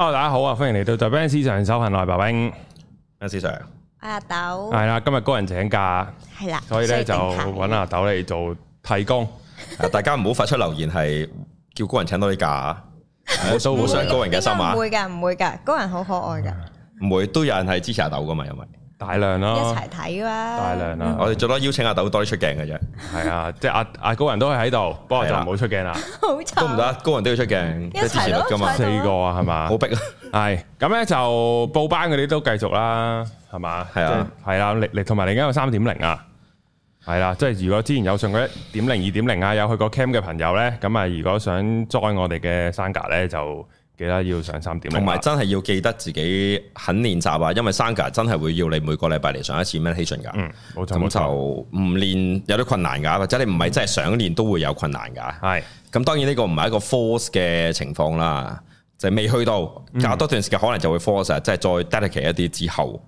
Hello，大家好啊！歡迎嚟到《在 Benz 上修行》內白兵，阿 Sir，阿豆，係啦，今日高人請假，係啦，所以咧就揾阿豆嚟做替工，大家唔好發出留言係叫高人請多啲假啊！唔好相互傷高人嘅心啊！唔會噶，唔會噶，高人好可愛噶，唔會都有人係支持阿豆噶嘛，因為。大量啦，一齊睇哇！大量啦，嗯、我哋最多邀請阿豆多啲出鏡嘅啫。係啊，即、就、係、是、阿阿高人都係喺度，不過就唔好出鏡啦。好錯，都唔得，高人都要出鏡、嗯，一齊咯，四個啊，係嘛，好逼啊。係，咁咧就報班嗰啲都繼續啦，係嘛，係 啊，係啦，你你同埋你而家有三點零啊，係啦，即係、啊、如果之前有上過一點零、二點零啊，有去過 cam 嘅朋友咧，咁啊，如果想 join 我哋嘅山格咧，就。記得要上三點，同埋白真係要記得自己肯練習啊！因為三個真係會要你每個禮拜嚟上一次 meditation 噶。嗯，咁就唔練有啲困難㗎、啊，嗯、或者你唔係真係想練都會有困難㗎、啊。係、嗯。咁當然呢個唔係一個 force 嘅情況啦，就係、未去到隔多段時間可能就會 force 啊、嗯！即係再 dedicate 一啲之後，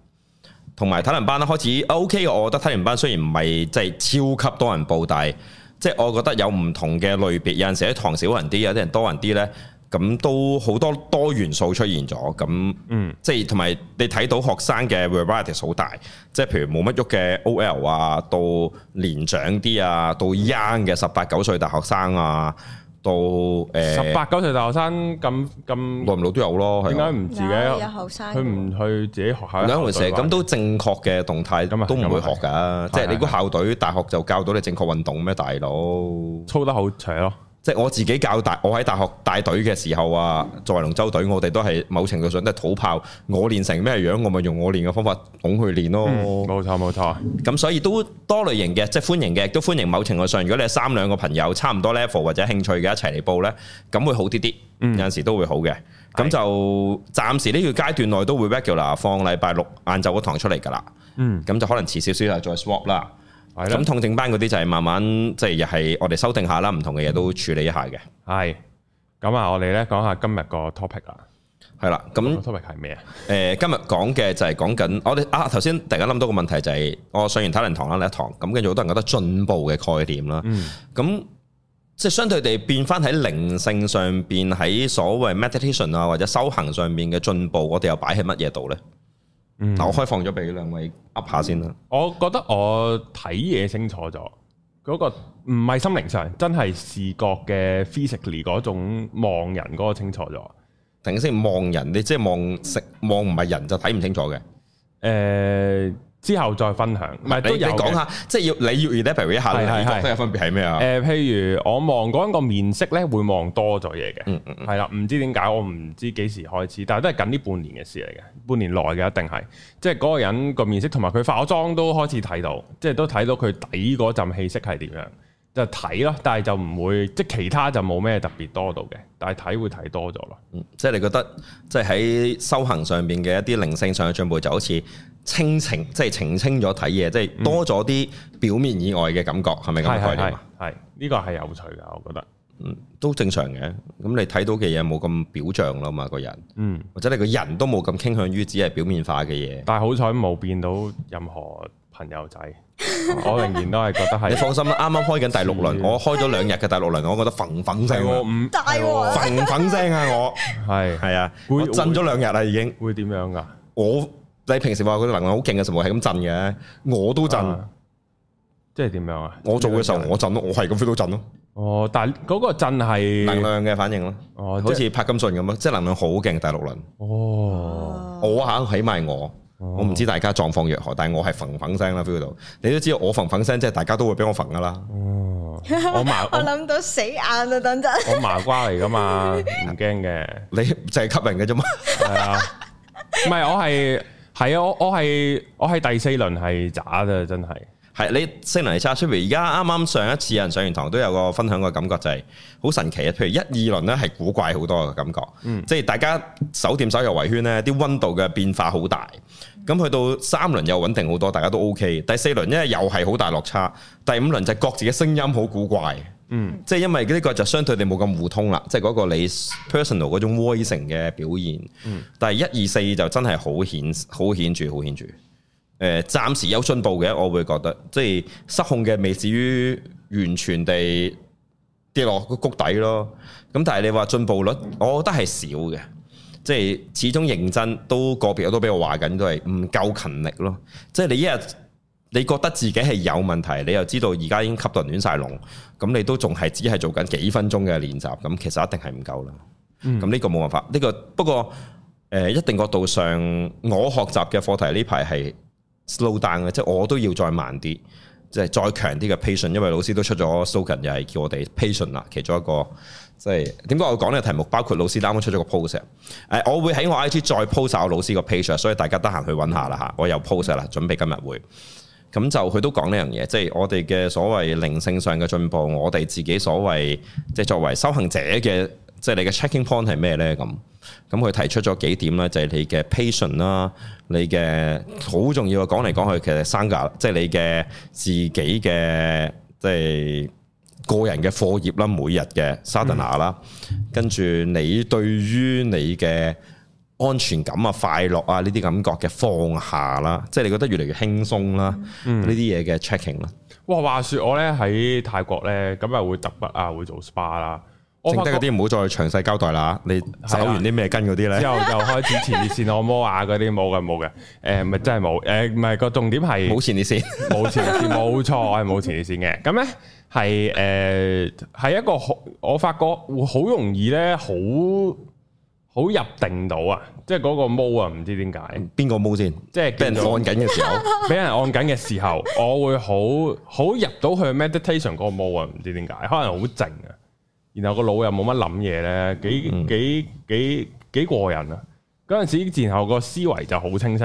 同埋體能班啦，開始、啊、OK 我覺得體能班雖然唔係即係超級多人報，但即係我覺得有唔同嘅類別，有陣時啲堂少人啲，有啲人多人啲咧。咁都好多多元素出現咗，咁即係同埋你睇到學生嘅 variety 好大，即係譬如冇乜喐嘅 OL 啊，到年長啲啊，到 young 嘅十八九歲大學生啊，到誒十八九歲大學生咁咁老唔老都有咯。點解唔自己？有後生佢唔去自己學校，兩回事咁都正確嘅動態，都唔會學㗎。即係你估校隊大學就教到你正確運動咩？大佬操得好斜咯～即係我自己教大，我喺大學帶隊嘅時候啊，作為龍舟隊，我哋都係某程度上都係土炮。我練成咩樣，我咪用我練嘅方法同佢練咯。冇、嗯、錯，冇錯。咁所以都多類型嘅，即係歡迎嘅，都歡迎。某程度上，如果你係三兩個朋友差唔多 level 或者興趣嘅一齊嚟報呢，咁會好啲啲。有陣時都會好嘅。咁、嗯、就暫時呢個階段內都會 regular 放禮拜六晏晝嗰堂出嚟㗎啦。嗯，咁就可能遲少少就再 swap 啦。咁痛症班嗰啲就係慢慢即係又係我哋修訂下啦，唔同嘅嘢都處理一下嘅。係咁、呃、啊，我哋咧講下今日個 topic 啦。係啦，咁 topic 係咩啊？誒，今日講嘅就係講緊我哋啊，頭先突然間諗到個問題就係、是、我、哦、上完體能堂啦，呢、啊啊、一堂咁，跟住好多人都覺得進步嘅概念啦。咁、嗯、即係相對地變翻喺靈性上邊，喺所謂 meditation 啊或者修行上面嘅進步，我哋又擺喺乜嘢度咧？嗱，嗯、我開放咗俾兩位噏下先啦。我覺得我睇嘢清楚咗，嗰、嗰個唔係心靈上，真係視覺嘅 physically 嗰種望人嗰個清楚咗。頭先望人，你即係望食望唔係人就睇唔清楚嘅。誒、呃。之後再分享是，唔係都有講下，即係要你要 example 一下，要嗯、你分別係咩啊？誒、呃，譬如我望嗰個面色咧，會望多咗嘢嘅，係啦，唔知點解，我唔知幾時開始，但係都係近呢半年嘅事嚟嘅，半年內嘅一定係，即係嗰個人個面色同埋佢化咗妝都開始睇到，即係都睇到佢底嗰陣氣色係點樣，就睇咯，但係就唔會即係其他就冇咩特別多到嘅，但係睇會睇多咗咯、嗯。即係你覺得即係喺修行上面嘅一啲靈性上嘅進步，就好似。清情即係澄清咗睇嘢，即係多咗啲表面以外嘅感覺，係咪咁嘅概念啊？係呢個係有趣嘅，我覺得，嗯，都正常嘅。咁你睇到嘅嘢冇咁表象啦嘛，個人，嗯，或者你個人都冇咁傾向於只係表面化嘅嘢。但係好彩冇變到任何朋友仔，我仍然都係覺得係。你放心啦，啱啱開緊第六輪，我開咗兩日嘅第六輪，我覺得粉粉聲，大王粉粉聲啊！我係係啊，我震咗兩日啦已經。會點樣啊？我你平時話佢能量好勁嘅時候係咁震嘅，我都震，即係點樣啊？我做嘅時候我震咯，我係咁 f i 震咯。哦，但係嗰個震係能量嘅反應咯。哦，好似柏金遜咁咯，即係能量好勁第六輪。哦，我嚇起埋我，我唔知大家狀況如何，但係我係揈揈聲啦，Fido。你都知道我揈揈聲，即係大家都會俾我揈噶啦。哦，我麻，我諗到死眼啊！等陣，我麻瓜嚟噶嘛，唔驚嘅。你就係吸人嘅啫嘛。係啊，唔係我係。係啊，我我係我係第四輪係渣嘅，真係。係、啊、你四輪係差出嚟。而家啱啱上一次有人上完堂都有個分享個感覺就係好神奇啊！譬如一二輪咧係古怪好多嘅感覺，嗯、即係大家手掂手又圍圈咧，啲溫度嘅變化好大。咁去到三輪又穩定好多，大家都 O K。第四輪因為又係好大落差，第五輪就各自嘅聲音好古怪。嗯，即係因為呢個就相對你冇咁互通啦，即係嗰個你 personal 嗰種 voicing 嘅表現。嗯，但係一二四就真係好顯好顯著，好顯著。誒、呃，暫時有進步嘅，我會覺得即係、就是、失控嘅未至於完全地跌落個谷底咯。咁但係你話進步率，嗯、我覺得係少嘅。即、就、係、是、始終認真都個別我都俾我話緊，都係唔夠勤力咯。即、就、係、是、你一日。你覺得自己係有問題，你又知道而家已經吸到亂晒龍，咁你都仲係只係做緊幾分鐘嘅練習，咁其實一定係唔夠啦。咁呢、嗯、個冇辦法，呢、呢個不過誒、呃、一定角度上，我學習嘅課題呢排係 slow down 嘅，即、就、係、是、我都要再慢啲，即、就、係、是、再強啲嘅 patient 因為老師都出咗 slogan，又係叫我哋 patient 啦。其中一個即係點解我講呢個題目？包括老師啱啱出咗個 post、呃、我會喺我 IG 再 post 下老師個 patient 所以大家得閒去揾下啦嚇。我有 post 啦，準備今日會。咁就佢都講呢樣嘢，即係我哋嘅所謂靈性上嘅進步，我哋自己所謂即係作為修行者嘅，即係你嘅 checking point 係咩咧？咁咁佢提出咗幾點啦，就係你嘅 patient 啦，你嘅好重要嘅。講嚟講去其實 Sangha，即係你嘅自己嘅，即係個人嘅課業啦，每日嘅 Sadhana 啦、嗯，跟住你對於你嘅。安全感啊、快樂啊呢啲感覺嘅放下啦，即係你覺得越嚟越輕鬆啦，呢啲嘢嘅 checking 啦。哇，話説我咧喺泰國咧，咁啊會揼骨啊，會做 spa 啦。剩低嗰啲唔好再詳細交代啦。你走完啲咩筋嗰啲咧？之後就開始前列腺按摩啊，嗰啲冇嘅冇嘅，誒咪真係冇誒，唔係，個重點係冇前列腺。冇前列腺，冇錯，我係冇前列腺嘅。咁咧係誒係一個好，我發覺會好容易咧好。好入定到啊！即係嗰個毛啊，唔知點解？邊個毛先？即係俾人按緊嘅時候，俾 人按緊嘅時候，我會好好入到去 meditation 嗰個毛啊！唔知點解，可能好靜啊，然後個腦又冇乜諗嘢咧，幾、嗯、幾幾幾過癮啊！嗰陣時，然後個思維就好清晰。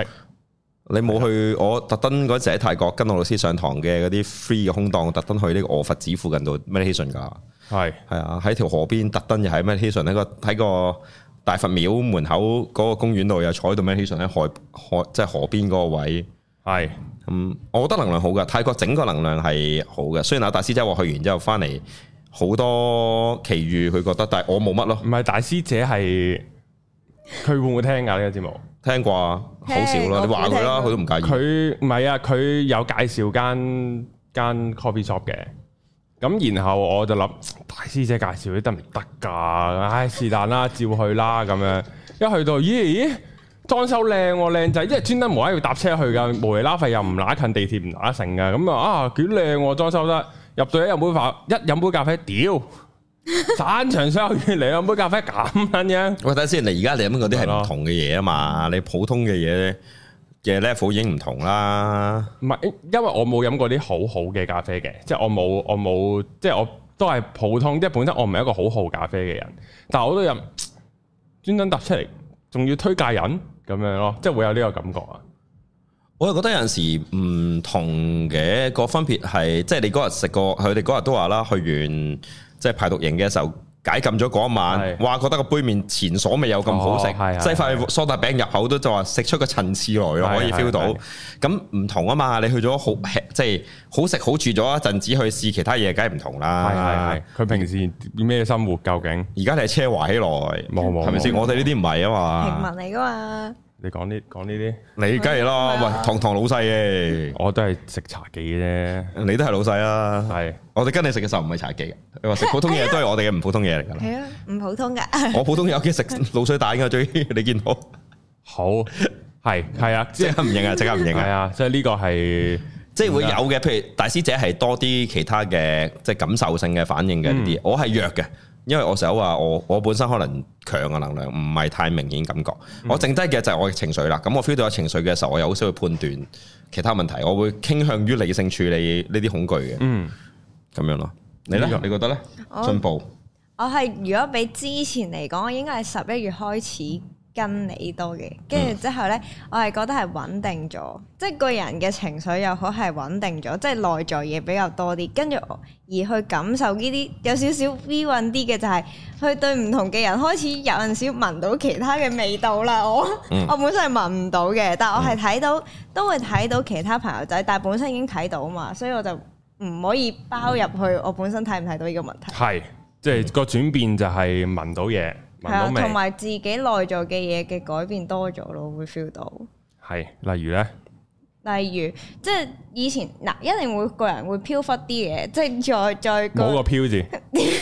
你冇去的我特登嗰時喺泰國跟我老師上堂嘅嗰啲 free 嘅空檔，特登去呢個臥佛寺附近度 meditation 噶的。係係啊，喺條河邊特登又喺 meditation 喺個喺個。大佛廟門口嗰個公園度又坐喺度咩？meditation 喺海海即係河邊嗰個位，係咁是、嗯，我覺得能量好㗎。泰國整個能量係好嘅，雖然阿大師姐話去完之後翻嚟好多奇遇，佢覺得，但係我冇乜咯。唔係大師姐係佢會唔會聽㗎呢個節目？ 聽啩、啊，好少啦。你話佢啦，佢都唔介意。佢唔係啊，佢有介紹間間 coffee shop 嘅。咁然後我就諗，大師姐介紹啲得唔得噶？唉，是但啦，照去啦咁樣。一去到，咦？裝修靚喎，靚仔。因為專登無啦要搭車去噶，無厘啦費又唔乸近地鐵，唔乸成噶。咁啊，啊，幾靚喎，裝修得。入到一飲杯茶，一飲杯咖啡，屌，散場所有嘢嚟啊！飲杯咖啡咁緊樣。我睇先，你而家你飲嗰啲係唔同嘅嘢啊嘛，你普通嘅嘢咧。嘅 level 已經唔同啦，唔係因為我冇飲過啲好好嘅咖啡嘅，即係我冇我冇，即係我都係普通，即係本身我唔係一個好好咖啡嘅人，但係我都飲專登搭出嚟，仲要推介人咁樣咯，即係會有呢個感覺啊！我覺得有陣時唔同嘅個分別係，即係你嗰日食過，佢哋嗰日都話啦，去完即係排毒營嘅時候。解禁咗嗰一晚，哇係！覺得個杯麵前所未有咁好食，哦、係係係細塊梳打餅入口都就話食出個層次來咯，係係係，可以 feel 到。咁唔同啊嘛，你去咗好即係好食好住咗一陣子，去試其他嘢，梗係唔同啦。係係係，佢平時咩生活究竟？而家你係奢華起來，冇冇，係咪先？我哋呢啲唔係啊嘛，平民嚟噶嘛。你講呢講呢啲，你梗係囉，喂，堂堂老細嘅，我都係食茶記嘅啫，你都係老細啦，係，我哋跟你食嘅時候唔係茶記嘅，你話食普通嘢都係我哋嘅唔普通嘢嚟噶啦，係啊，唔普通噶，我普通有嘅食卤水蛋噶，最你見到，好，係，係啊，即刻唔認啊，即刻唔認啊，係啊，即係呢個係，即係會有嘅，譬如大師姐係多啲其他嘅，即係感受性嘅反應嘅一啲，我係弱嘅。因為我成日話我我本身可能強嘅能量唔係太明顯感覺，我剩低嘅就係我嘅情緒啦。咁我 feel 到有情緒嘅時候，我又好少去判斷其他問題，我會傾向於理性處理呢啲恐懼嘅。嗯，咁樣咯，你咧，你覺得咧？進、嗯、步，我係如果比之前嚟講，我應該係十一月開始。跟你多嘅，跟住之後呢，我係覺得係穩定咗，即係個人嘅情緒又好係穩定咗，即係內在嘢比較多啲。跟住而去感受呢啲有少少 V 運啲嘅，就係去對唔同嘅人開始有陣時聞到其他嘅味道啦。我、嗯、我本身係聞唔到嘅，但係我係睇到、嗯、都會睇到其他朋友仔，但係本身已經睇到嘛，所以我就唔可以包入去我本身睇唔睇到呢個問題。係即係個轉變就係聞到嘢。係啊，同埋自己內在嘅嘢嘅改變多咗咯，會 feel 到。係，例如咧，例如即係以前嗱，一定會個人會飄忽啲嘢，即係再再冇個飄字。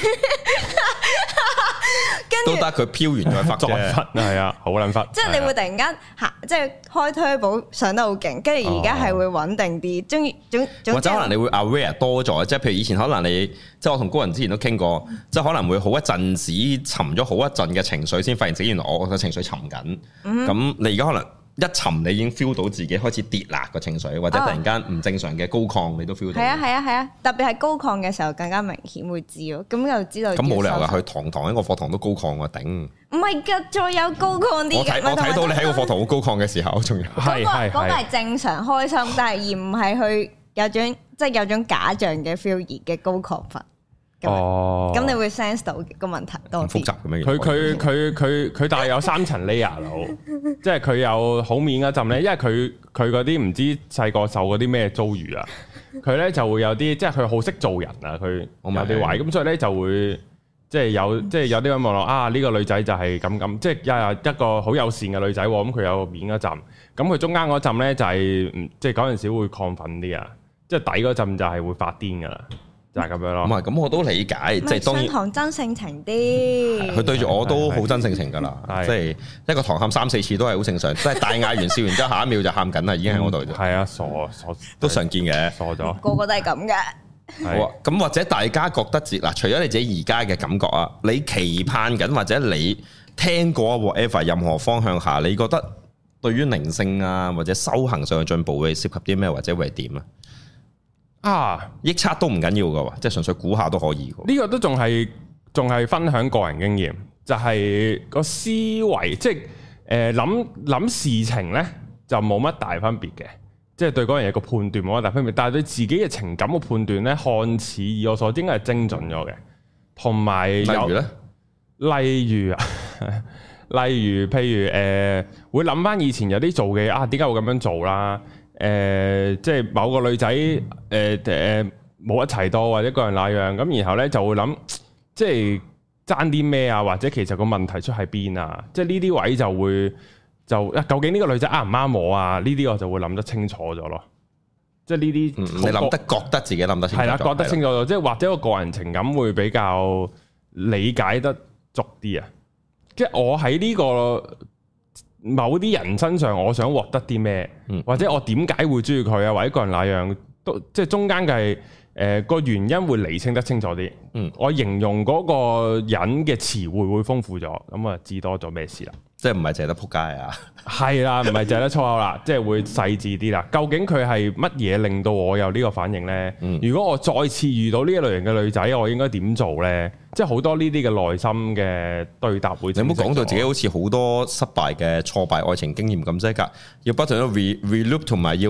都得，佢飄完再發作 的。發，係啊，好撚發。即係你會突然間嚇，即係開 Turbo 上得好勁，跟住而家係會穩定啲，終於總總。可能、嗯、你會 Aware 多咗，即係譬如以前可能你，即係我同高人之前都傾過，即係可能會好一陣子沉咗好一陣嘅情緒先發現，原來我個情緒沉緊。咁、嗯、哼你而家可能？一沉，你已經 feel 到自己開始跌啦個情緒，或者突然間唔正常嘅高亢，你都 feel 到。係啊係啊係啊！特別係高亢嘅時候更加明顯會知咯，咁就知道。咁冇理由噶，去堂堂一個課堂都高亢㗎，頂。唔係㗎，再有高亢啲嘅。我睇我睇到你喺個課堂好高亢嘅時候，仲係係係。講係 正常開心，但係而唔係去有種即係有種假象嘅 feel 嘅高亢法。哦，咁你會 sense 到個問題多啲，複雜咁樣佢佢佢佢佢帶有三層 layer 咯，即係佢有好面嗰陣咧，因為佢佢嗰啲唔知細個受嗰啲咩遭遇啊，佢咧 就會有啲，即係佢好識做人啊，佢我咪啲話，咁所以咧就會即係有即係有啲咁望落啊，呢個女仔就係咁咁，即係一個好友善嘅女仔喎，咁佢有面嗰陣，咁佢中間嗰陣咧就係即係嗰陣時會亢奮啲啊，即係底嗰陣就係會發癲噶啦。就係咁樣咯。唔係，咁我都理解，是即係是當堂真性情啲。佢對住我都好真性情噶啦，即係一個堂喊三四次都係好正常。即係 大嗌完笑完之後，下一秒就喊緊啦， 已經喺我度啫。係、嗯、啊，傻傻都常見嘅，傻咗了。個個都係咁嘅。 好啊，咁或者大家覺得，自嗱除咗你自己而家嘅感覺啊，你期盼緊或者你聽過 whatever 任何方向下，你覺得對於靈性啊或者修行上嘅進步會涉及啲咩或者會係點啊？啊！臆測都唔緊要嘅喎，即係純粹估下都可以。呢個都仲係仲係分享個人經驗，就係、是、個思維，即係誒諗諗事情呢，就冇乜大分別嘅，即、就、係、是、對嗰樣嘢個判斷冇乜大分別。但係對自己嘅情感嘅判斷呢，看似以我所知，應該係精準咗嘅。同埋例如呢，例如啊， 例如譬如誒、呃，會諗翻以前有啲做嘅啊，點解會咁樣做啦？誒、呃，即係某個女仔，誒誒冇一齊多或者個人那樣，咁然後咧就會諗，即係爭啲咩啊？或者其實個問題出喺邊啊？即係呢啲位就會就究竟呢個女仔啱唔啱我啊？呢啲我就會諗得清楚咗咯。即係呢啲，你諗得我覺得自己諗得清楚。係啦，覺得清楚咗，即係對的 或者個個人情感會比較理解得足啲啊。即係我喺呢、這個。某啲人身上，我想獲得啲咩，嗯、或者我點解會中意佢啊？或者個人那樣，都即係中間嘅係誒個原因會理清得清楚啲。嗯，我形容嗰個人嘅詞彙會，會豐富咗，咁啊知多咗咩事啦？即係唔係淨係得仆街啊？係啦，唔係淨係得粗口啦， 即係會細緻啲啦。究竟佢係乜嘢令到我有呢個反應呢？嗯、如果我再次遇到呢一類型嘅女仔，我應該點做呢？即係好多呢啲嘅內心嘅對答會，你唔好講到自己好似好多失敗嘅挫敗愛情經驗咁啫㗎。要不停 re-reloop 同埋要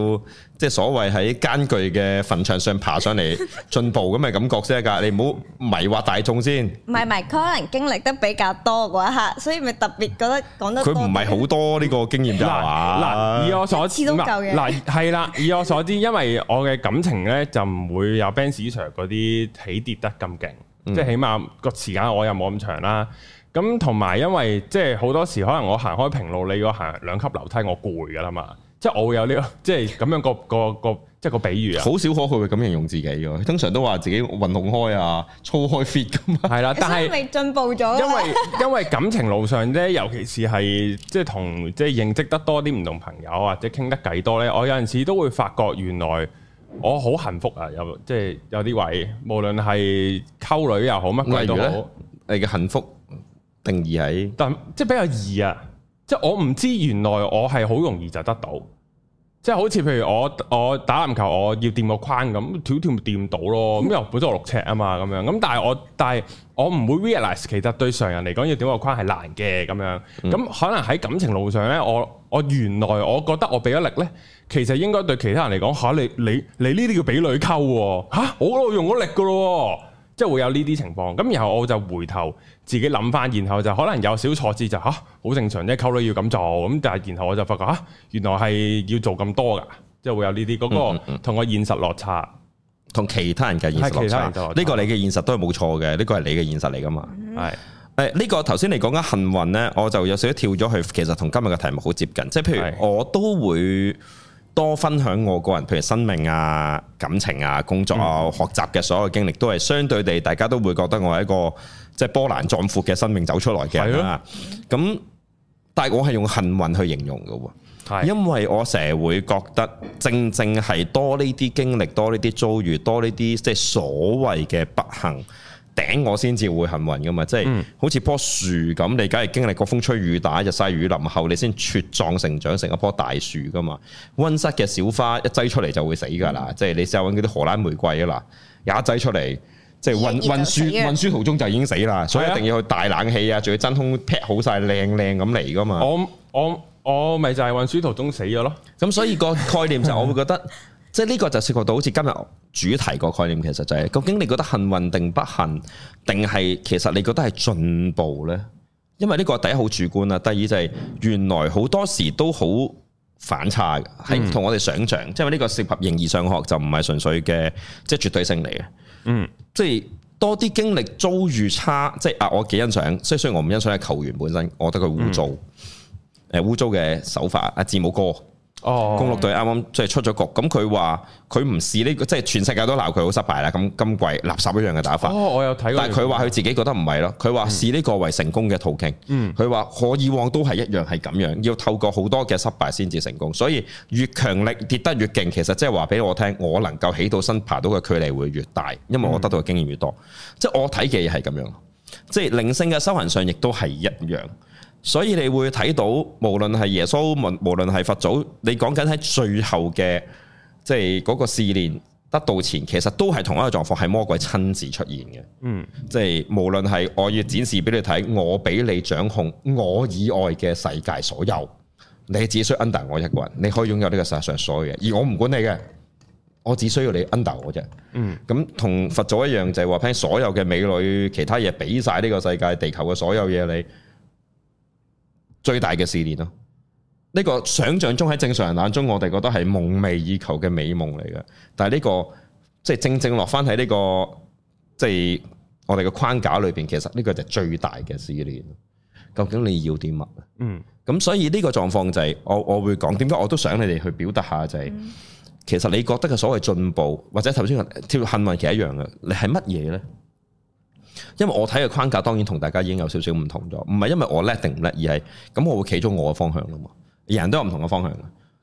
即係所謂喺艱巨嘅墳場上爬上嚟進步咁嘅感覺先得㗎。你唔好迷惑大眾先。唔係唔係，可能經歷得比較多嗰一刻，所以咪特別覺得講得佢唔係好多呢個經驗啫嘛。嗱，以我所知，嗱係啦，以我所知，因為我嘅感情咧就唔會有 Benz Sir 嗰啲起跌得咁勁。即係、嗯、起碼個時間我又冇咁長啦，咁同埋因為即係好多時可能我行開平路，你個行兩級樓梯，我攰㗎啦嘛。即、就、係、是、我會有呢、這個即係咁樣個 個個即係個比喻啊。好 少可佢會咁形容自己嘅，通常都話自己運動開啊，操開 fit 咁啊。係啦，但係因為,進步 因,為因為感情路上咧，尤其是係即係同即係認識得多啲唔同朋友或者傾得偈多咧，我有陣時都會發覺原來。我好幸福啊！有即係、就是、有啲位，無論係溝女又好乜鬼都好。好，你嘅幸福定義喺，但即係比較易啊！即係我唔知原來我係好容易就得到，即係好似譬如我我打籃球我要掂個框咁，跳跳掂到咯。咁又本身我六尺啊嘛，咁樣咁，但係我但係我唔會 realize 其實對常人嚟講要掂個框係難嘅咁樣。咁、嗯、可能喺感情路上呢，我我原來我覺得我俾咗力呢。其實應該對其他人嚟講，吓、啊、你你你呢啲叫俾女溝喎，吓、啊、我我用咗力噶咯，即係會有呢啲情況。咁然後我就回頭自己諗翻，然後就可能有少挫折就吓好、啊、正常啫，溝女要咁做咁。但係然後我就發覺吓、啊、原來係要做咁多噶，即係會有呢啲嗰個同個現實落差，同、嗯嗯嗯、其他人嘅現實落差。呢個你嘅現實都係冇錯嘅，呢、這個係你嘅現實嚟噶嘛？係誒呢個頭先你講緊幸運咧，我就有少少跳咗去，其實同今日嘅題目好接近。即係譬如我都會。多分享我個人譬如生命啊、感情啊、工作啊、學習嘅所有經歷，都係相對地，大家都會覺得我係一個即係波瀾壯闊嘅生命走出來嘅人啦。咁，但係我係用幸運去形容㗎喎，係因為我成日會覺得正正係多呢啲經歷、多呢啲遭遇、多呢啲即係所謂嘅不幸。頂我先至會幸運噶嘛，即係好似樖樹咁，你梗係經歷過風吹雨打，日曬雨淋後，你先茁壯成長成一棵大樹噶嘛。溫室嘅小花一擠出嚟，就會死噶啦，嗯，即係你試下搵嗰啲荷蘭玫瑰啊啦，一擠出嚟，即係運運輸運輸途中就已經死啦，所以一定要去大冷氣啊，仲要真空劈好晒靚靚咁嚟噶嘛。我我我咪就係運輸途中死咗咯，咁所以個概念就係我會覺得。 即係呢個就涉及到好似今日主題個概念，其實就係究竟你覺得幸運定不幸，定係其實你覺得係進步呢？因為呢個第一好主觀啦，第二就係原來好多時都好反差嘅，係唔同我哋想象即係呢個適合形而上學就唔係純粹嘅，即係絕對性嚟嘅。嗯，即係多啲經歷遭遇差，即係啊，我幾欣賞。雖雖然我唔欣賞嘅球員本身，我覺得佢污糟誒污糟嘅手法，阿字母哥。哦，公路隊啱啱即係出咗局，咁佢話佢唔試呢個，即係全世界都鬧佢好失敗啦。咁今季垃圾一樣嘅打法。哦，我有睇。但係佢話佢自己覺得唔係咯，佢話試呢個為成功嘅途徑。嗯，佢話我以往都係一樣係咁樣，要透過好多嘅失敗先至成功。所以越強力跌得越勁，其實即係話俾我聽，我能夠起到身爬到嘅距離會越大，因為我得到嘅經驗越多。嗯，即係我睇嘅嘢係咁樣，即係靈性嘅修行上亦都係一樣。所以你會睇到，無論係耶穌，無論係佛祖，你講緊喺最後嘅，即係嗰個試煉得道前，其實都係同一個狀況，係魔鬼親自出現嘅。嗯，即係無論係我要展示俾你睇，我俾你掌控我以外嘅世界所有，你只需要 under 我一個人，你可以擁有呢個世界上所有嘢。而我唔管你嘅，我只需要你 under 我啫。嗯，咁同佛祖一樣就係話，聽所有嘅美女，其他嘢俾晒呢個世界、地球嘅所有嘢你。最大嘅試煉咯，呢、這個想像中喺正常人眼中，我哋覺得係夢寐以求嘅美夢嚟嘅。但係呢、這個即係正正落翻喺呢個即係、就是、我哋嘅框架裏邊，其實呢個就係最大嘅試煉。究竟你要啲乜？嗯，咁所以呢個狀況就係、是、我我會講點解我都想你哋去表達下就係、是，其實你覺得嘅所謂進步或者頭先跳幸運棋一樣嘅，你係乜嘢呢？因為我睇嘅框架當然同大家已經有少少唔同咗，唔係因為我叻定唔叻，而係咁我會企中我嘅方向啦嘛。人都有唔同嘅方向嘅，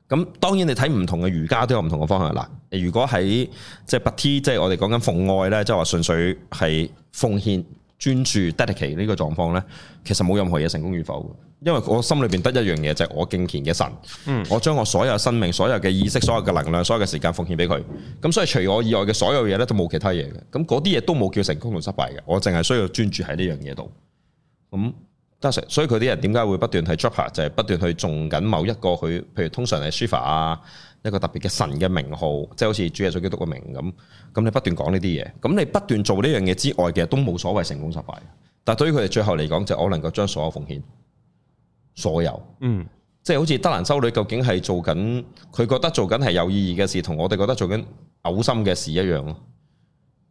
咁當然你睇唔同嘅瑜伽都有唔同嘅方向嗱。如果喺即係白 T，即係我哋講緊奉愛咧，即係話純粹係奉獻。專注 dedicate 呢個狀況咧，其實冇任何嘢成功與否嘅，因為我心裏邊得一樣嘢就係、是、我敬虔嘅神，嗯，我將我所有生命、所有嘅意識、所有嘅能量、所有嘅時間奉獻俾佢，咁所以除我以外嘅所有嘢呢，都冇其他嘢嘅，咁嗰啲嘢都冇叫成功同失敗嘅，我淨係需要專注喺呢樣嘢度，咁所以佢啲人點解會不斷係 drop 就係不斷去種緊某一個佢，譬如通常係書法啊。一個特別嘅神嘅名號，即係好似主耶穌基督嘅名咁。咁你不斷講呢啲嘢，咁你不斷做呢樣嘢之外，嘅，都冇所謂成功失敗。但對於佢哋最後嚟講，就我能夠將所有奉獻，所有，嗯，即係好似德蘭修女究竟係做緊，佢覺得做緊係有意義嘅事，同我哋覺得係做緊嘔心嘅事一樣咯。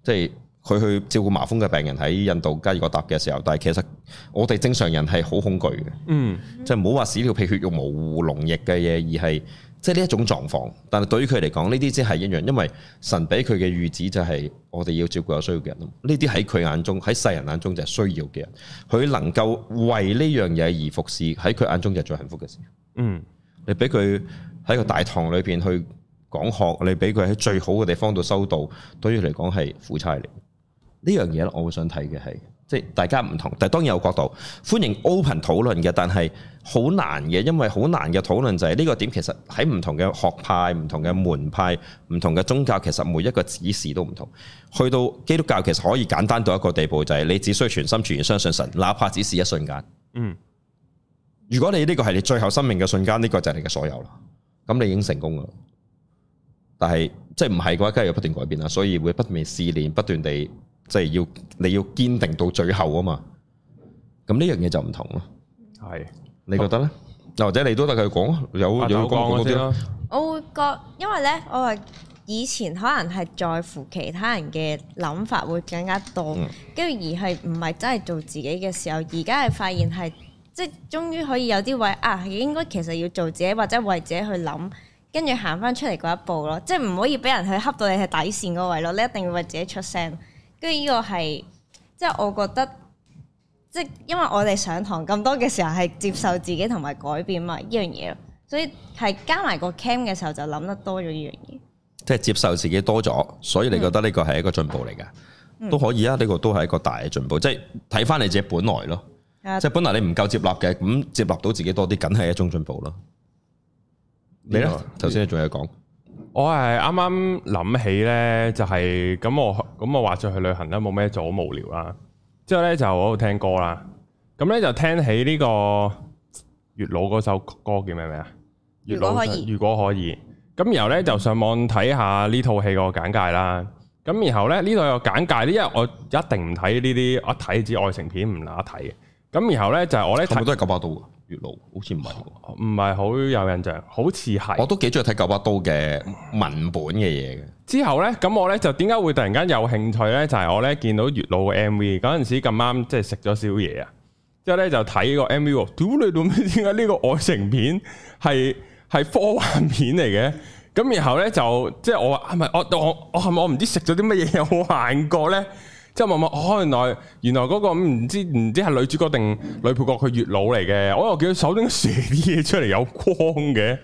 即係佢去照顧麻風嘅病人喺印度加爾各答嘅時候，但係其實我哋正常人係好恐懼嘅，嗯，即係唔好話屎尿屁血肉模糊膿液嘅嘢，而係。即係呢一種狀況，但係對於佢嚟講，呢啲即係一樣，因為神俾佢嘅諭旨就係我哋要照顧有需要嘅人。呢啲喺佢眼中，喺世人眼中就係需要嘅人，佢能夠為呢樣嘢而服侍，喺佢眼中就係最幸福嘅事。嗯，你俾佢喺個大堂裏邊去講學，你俾佢喺最好嘅地方度修道，對於佢嚟講係苦差嚟。呢樣嘢我好想睇嘅係。即大家唔同，但當然有角度，歡迎 open 討論嘅。但係好難嘅，因為好難嘅討論就係呢個點。其實喺唔同嘅學派、唔同嘅門派、唔同嘅宗教，其實每一個指示都唔同。去到基督教其實可以簡單到一個地步，就係你只需要全心全意相信神，哪怕只是一瞬間。嗯。如果你呢個係你最後生命嘅瞬間，呢個就係你嘅所有啦。咁你已經成功啦。但係即係唔係嘅話，梗係要不斷改變啦。所以會不斷試練，不斷地。即係要你要堅定到最後啊嘛，咁呢樣嘢就唔同咯。係是你覺得呢？啊、或者你都得繼續講，有、啊、有講嗰啲啦。說說說我會覺，因為呢，我話以前可能係在乎其他人嘅諗法會更加多，跟住、嗯、而係唔係真係做自己嘅時候，而家係發現係即係終於可以有啲位啊，應該其實要做自己或者為自己去諗，跟住行翻出嚟嗰一步咯。即係唔可以俾人去恰到你係底線嗰位咯，你一定要為自己出聲。跟住呢個係，即係我覺得，即係因為我哋上堂咁多嘅時候係接受自己同埋改變嘛，呢樣嘢，所以係加埋個 cam 嘅時候就諗得多咗呢樣嘢。即係接受自己多咗，所以你覺得呢個係一個進步嚟㗎？都、嗯、可以啊。呢個都係一個大嘅進步，即係睇翻你自己本來咯。啊、即係本來你唔夠接納嘅，咁接納到自己多啲，梗係一種進步咯。你咧、啊，頭先你仲有講。我係啱啱諗起咧、就是，就係咁我咁我話出去旅行啦，冇咩做好無聊啦。之後咧就喺度聽歌啦。咁咧就聽起呢個月老嗰首歌叫咩咩？啊？月老，如果可以，如果可以。咁然後咧就上網睇下呢套戲個簡介啦。咁然後咧呢個有簡介，呢因為我一定唔睇呢啲，一睇知愛情片唔難睇嘅。咁然後咧就係、是、我咧睇唔九百多。是月老好似唔係，唔係好有印象，好似係。我都幾中意睇九把刀嘅文本嘅嘢嘅。之後呢，咁我呢就點解會突然間有興趣呢？就係、是、我呢見到月老嘅 MV，嗰陣時咁啱即係食咗宵夜啊，之後呢就睇個 MV，屌你到咩？點解呢個愛情片係係科幻片嚟嘅？咁然後呢，就即係、就是、我係咪我我我係咪我唔知食咗啲乜嘢有冇幻覺呢？」即係問我，哦，原來原來嗰個唔知唔知係女主角定女配角，佢月老嚟嘅。我又見佢手頂射啲嘢出嚟，有光嘅，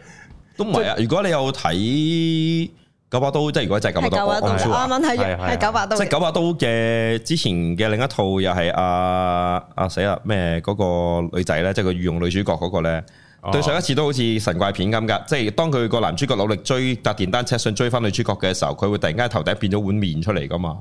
都唔係啊。即，如果你有睇九把刀，即係如果真係九把刀，我啱啱睇完九把刀。即係九把刀嘅之前嘅另一套又係啊啊死啦！咩嗰個女仔咧，即係個御用女主角嗰個咧，哦，對上一次都好似神怪片咁噶。即係當佢個男主角努力追搭電單車，想追翻女主角嘅時候，佢會突然間頭頂變咗碗麵出嚟噶嘛？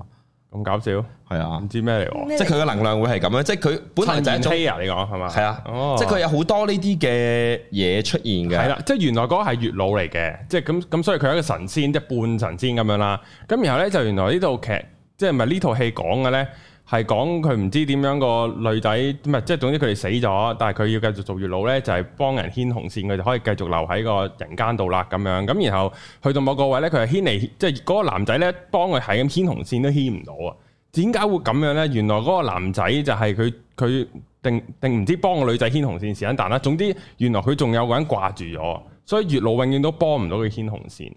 咁搞笑，係啊，唔知咩嚟喎，即係佢嘅能量會係咁樣，即係佢本身就係一種，你講係嘛？係啊，即係佢有好多呢啲嘅嘢出現嘅，係啦，即係原來嗰個係月老嚟嘅，即係咁咁，所以佢係一個神仙，即係半神仙咁樣啦，咁然後咧就原來呢套劇，即係唔係呢套戲講嘅咧。係講佢唔知點樣個女仔，唔係即係總之佢哋死咗，但係佢要繼續做月老咧，就係幫人牽紅線，佢就可以繼續留喺個人間度啦咁樣。咁然後去到某個位咧，佢係牽嚟，即係嗰個男仔咧幫佢係咁牽紅線都牽唔到啊！點解會咁樣咧？原來嗰個男仔就係佢佢定定唔知幫個女仔牽紅線時間，但係總之原來佢仲有個人掛住咗，所以月老永遠都幫唔到佢牽紅線。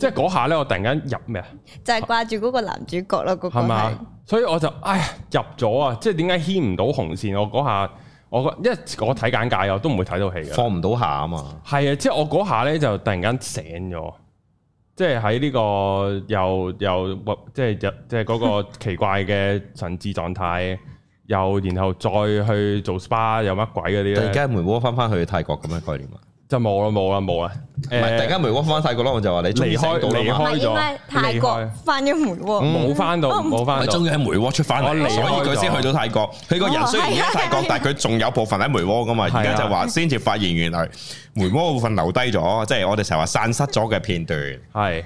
即係嗰下咧，我突然間入咩啊？就係掛住嗰個男主角咯，嗰、嗰個係。所以我就哎呀，入咗啊！即係點解牽唔到紅線？我嗰下我一我睇簡介啊，我都唔會睇到戲嘅，放唔到下啊嘛。係啊，即係我嗰下咧就突然間醒咗，即係喺呢個又又即係即係嗰個奇怪嘅神智狀態， 又然後再去做 SPA，有乜鬼嗰啲咧？突然間梅窩翻翻去泰國咁嘅概念嘛？ 就冇啦冇啦冇啦，唔係突然間梅窩翻泰國咯，我就話你離開離開咗，離開泰國翻咗梅窩，冇翻到冇翻，佢終於喺梅窩出翻嚟，所以佢先去到泰國。佢個人雖然喺泰國，但係佢仲有部分喺梅窩噶嘛。而家就話先至發現，原來梅窩部分留低咗，即係我哋成日話散失咗嘅片段。係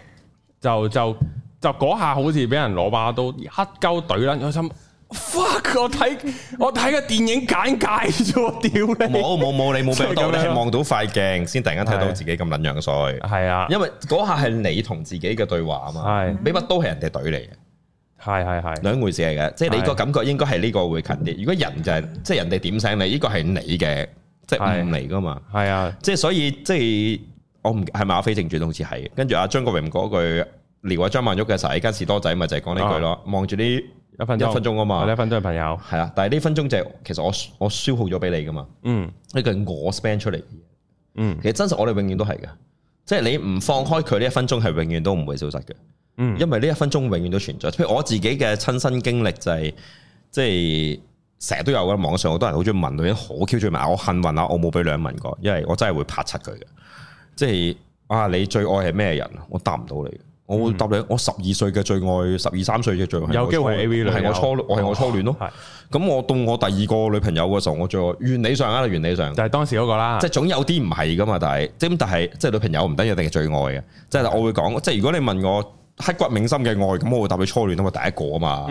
就就就嗰下好似俾人攞把刀黑鳩懟啦，開心？fuck 我睇我睇個電影簡介咗，屌你冇冇冇你冇俾到你係望到塊鏡先，突然間睇到自己咁捻樣嘅所謂係啊，因為嗰下係你同自己嘅對話啊嘛，係俾把刀係人哋懟嚟嘅，係係係兩回事嚟嘅，即係你個感覺應該係呢個會近啲。如果人就係即係人哋點醒你，呢個係你嘅即係誤嚟噶嘛，係啊，即係所以即係我唔係咪阿飛正傳，好似係跟住阿張國榮嗰句撩阿張曼玉嘅時候，而家士多仔咪就係講呢句咯，望住啲。一分一分鐘啊嘛，一分鐘係朋友，係啦，但係呢分鐘就係，其實我我消耗咗俾你噶嘛，嗯，呢個係我 spend 出嚟嘅嘢，嗯，其實真實我哋永遠都係嘅，即係你唔放開佢呢一分鐘係永遠都唔會消失嘅，嗯，因為呢一分鐘永遠都存在，譬如我自己嘅親身經歷就係，即係成日都有嘅，網上好多人好中意問，女人好 Q 中意問，我幸運啊，我冇俾兩問過，因為我真係會拍七佢嘅，即係啊你最愛係咩人啊？我答唔到你。我會答你，我十二歲嘅最愛，十二三歲嘅最愛，有機會 A V 咯，係我，我初戀，我係我初戀咯。咁是我到我第二個女朋友嘅時候，我最愛就原理上啊，原理上，理上就係當時嗰個啦。即係總有啲唔係噶嘛，但係即係但係即係女朋友唔得一定係最愛嘅是。即係我會講，即係如果你問我刻骨銘心嘅愛，咁我會答你初戀啊嘛，第一個啊嘛。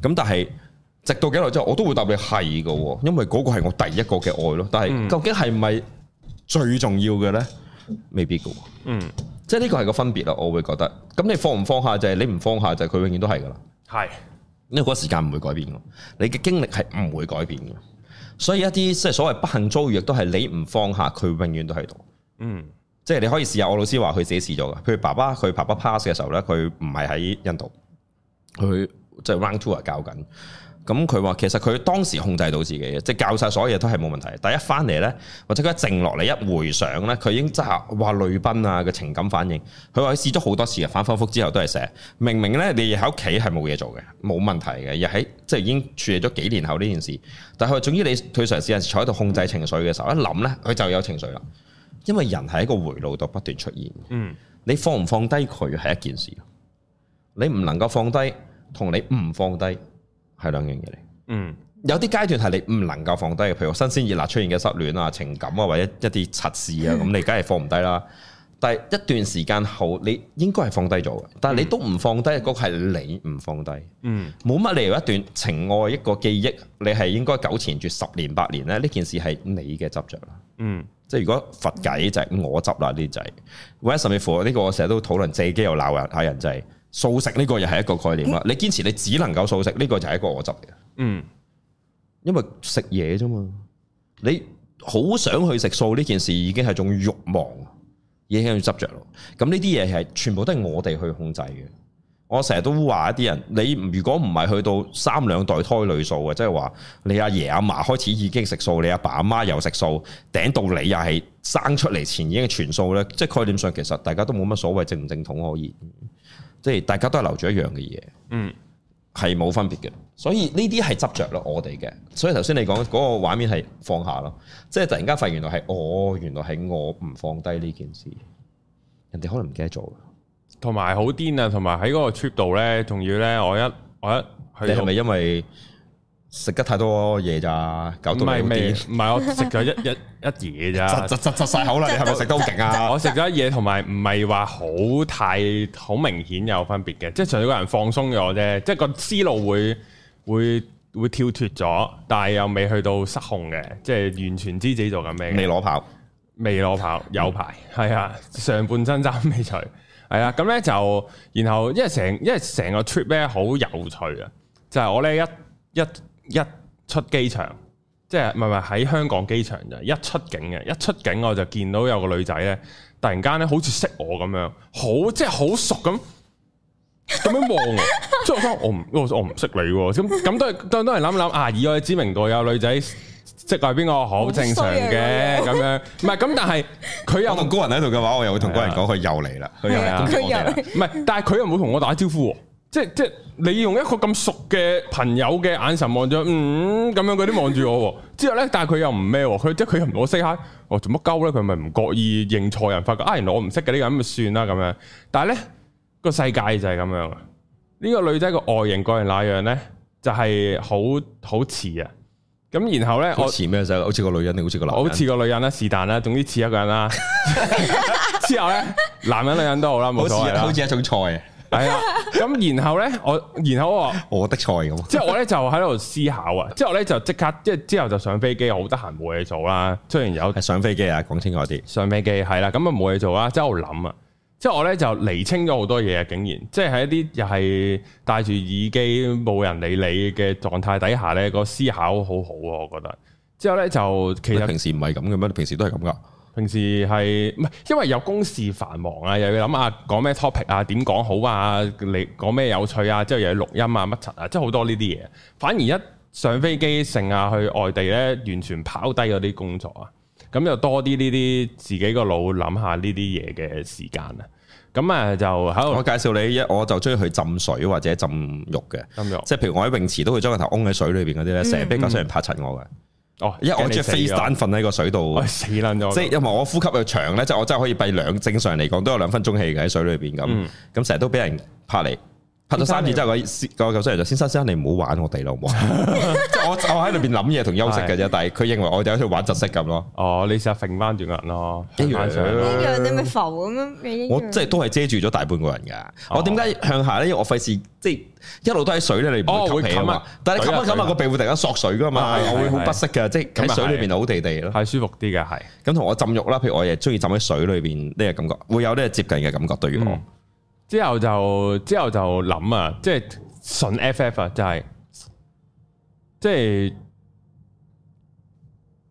咁、嗯、但係直到幾耐之後，我都會答你係噶，因為嗰個係我第一個嘅愛咯。但係、嗯、究竟係唔係最重要嘅咧？未必噶，嗯，即係呢個係個分別啦，我會覺得，咁你放唔放下就係，你唔放下就係佢永遠都係噶啦，係是，因為嗰個時間唔會改變噶，你嘅經歷係唔會改變嘅。所以一啲即係所謂不幸遭遇亦都係你唔放下，佢永遠都喺度，嗯，即係你可以試下，我老師話佢自己試咗噶，譬如爸爸佢爸爸 pass 嘅時候咧，佢唔係喺印度，佢即係 round tour 啊教緊。咁佢話其實佢當時控制到自己嘅，即係教晒所有嘢都係冇問題。但一翻嚟咧，或者佢一靜落嚟一回想咧，佢已經即係話淚奔啊嘅情感反應。佢話佢試咗好多次嘅，反反覆覆之後都係寫。明明咧你喺屋企係冇嘢做嘅，冇問題嘅，又喺即係已經處理咗幾年後呢件事。但係總之你佢嘗試有時坐喺度控制情緒嘅時候，一諗咧佢就有情緒啦。因為人係一個回路度不斷出現。嗯，你放唔放低佢係一件事，你唔能夠放低同你唔放低，係兩樣嘢嚟，嗯，有啲階段係你唔能夠放低嘅，譬如新鮮熱辣出現嘅失戀啊、情感啊，或者一啲測試啊，咁、嗯、你梗係放唔低啦。但係一段時間後，你應該係放低咗嘅，但係你都唔放低嘅嗰個係你唔放低，嗯，冇乜理由一段情愛，一個記憶，你係應該糾纏住十年八年咧，呢件事係你嘅執着。嗯，即係如果佛偈就係我執啦呢啲仔，就是嗯、或者甚至乎呢、呢個我成日都討論借機又鬧人嚇人仔。素食呢個又係一個概念啦，你堅持你只能夠素食呢個就係一個我執嘅。嗯，因為食嘢啫嘛，你好想去食素呢件事已經係種慾望，已經要執着咯。咁呢啲嘢係全部都係我哋去控制嘅。我成日都話一啲人，你如果唔係去到三兩代胎裏素嘅，即係話你阿爺阿嫲開始已經食素，你阿爸阿媽又食素，頂到你又係生出嚟前已經係全素咧，即係概念上其實大家都冇乜所謂正唔正統可以。即係大家都係留住一樣嘅嘢，嗯，係冇分別嘅，所以呢啲係執着咯，我哋嘅，所以頭先你講嗰個畫面係放下咯，即係突然間發現原來係我、哦，原來係我唔放低呢件事，人哋可能唔記得咗，同埋好癲啊，同埋喺嗰個 trip 度呢，仲要呢，我一我一，你係咪因為？食得太多嘢咋，搞到有啲。唔係我食咗一一一嘢咋。窒窒窒窒曬口啦！你係咪食得好勁啊？我食咗嘢同埋唔係話好太好明顯有分別嘅，即係上咗個人放鬆咗啫，即係個思路會會會跳脫咗，但係又未去到失控嘅，即係完全知自己做緊咩。未攞跑，未攞跑，有牌。係啊，上半身衫未除。係啊，咁咧就，然後因為成因為成個 trip 咧好有趣啊，就係我咧一一。一出機場，即係唔係唔係喺香港機場就一出境嘅，一出境我就見到有個女仔咧，突然間咧好似識我咁樣，好即係好熟咁，咁樣望我。即係我覺得我唔，我唔識你喎。咁咁都係都都係諗一諗，啊，以我哋知名度有女仔識我邊個，好正常嘅咁樣。唔係咁，但係佢有同高人喺度嘅話， 我又會同高人講佢又嚟啦，佢的又嚟咁嘅。唔係，但係佢又冇同我打招呼。即係即係，你用一個咁熟嘅朋友嘅眼神望咗，嗯咁樣都望住我。之後咧，但係佢又唔咩，佢即係佢又唔我識下。哦，做乜鳩咧？佢咪唔覺意認錯人，發覺啊，原來我唔識嘅呢，這個人就，咁咪算啦咁樣。但係咧，個世界就係咁樣。呢，這個女仔個外形個人那樣咧，就係好好似啊。咁然後咧，好我似咩？就好似個女人好似個男人？好似個女人啦，是但啦，總之似一個人啦。 之後咧，男人女人都好啦，冇所謂好似一種菜。係啊，咁 然後咧，我然後我我的菜咁，之後我咧就喺度思考啊，之後我咧就即刻即係之後就上飛機，好得閒冇嘢做啦。雖然有上飛機啊，講清楚啲，上飛機係啦，咁啊冇嘢做啦，即係我諗啊，之後我咧就厘清咗好多嘢，啊。竟然即係喺一啲又係戴住耳機冇人理你嘅狀態底下咧，個思考好好啊，我覺得。之後咧就其實平時唔係咁嘅咩，平時都係咁噶。平時係唔係？因為有公事繁忙啊，又要諗下講咩 topic 啊，點講好啊？你講咩有趣啊？之後又要錄音啊，乜柒啊？即係好多呢啲嘢。反而一上飛機，成啊去外地咧，完全跑低嗰啲工作啊，咁就多啲呢啲自己個腦諗下呢啲嘢嘅時間啊。咁啊，就喺度我介紹你一，我就中意去浸水或者浸浴嘅，浸浴即係譬如我喺泳池都會將個頭翁喺水裏邊嗰啲咧，成日逼個衰人拍柒我嘅。哦，因為我著飛散瞓喺個水度，死撚咗。即係因為我呼吸又長咧，即係我真係可以閉兩正常嚟講都有兩分鐘氣嘅喺水裏邊咁，咁成日都俾人拍嚟。拍咗三次之後，我先我咁嚟就先生先生，你唔好玩我哋咯，好唔好？即係我我喺裏邊諗嘢同休息嘅啫，但係佢認為我哋喺度玩窒息咁咯。哦，你試下揈翻轉個人咯，一樣一樣，你咪浮咁樣。我即係都係遮住咗大半個人噶。我點解向下咧？因為我費事即係一路都喺水咧，你唔會吸但係咁樣咁啊嘛，個鼻會突然間縮水噶嘛，我會好不適噶。即係喺水裏邊好地地咯，係舒服啲嘅。係咁同我浸浴啦，譬如我亦中意浸喺水裏邊呢個感覺，會有呢個接近嘅感覺對於我。之後就之後就諗啊，即係純 FF 啊，就係、是、即係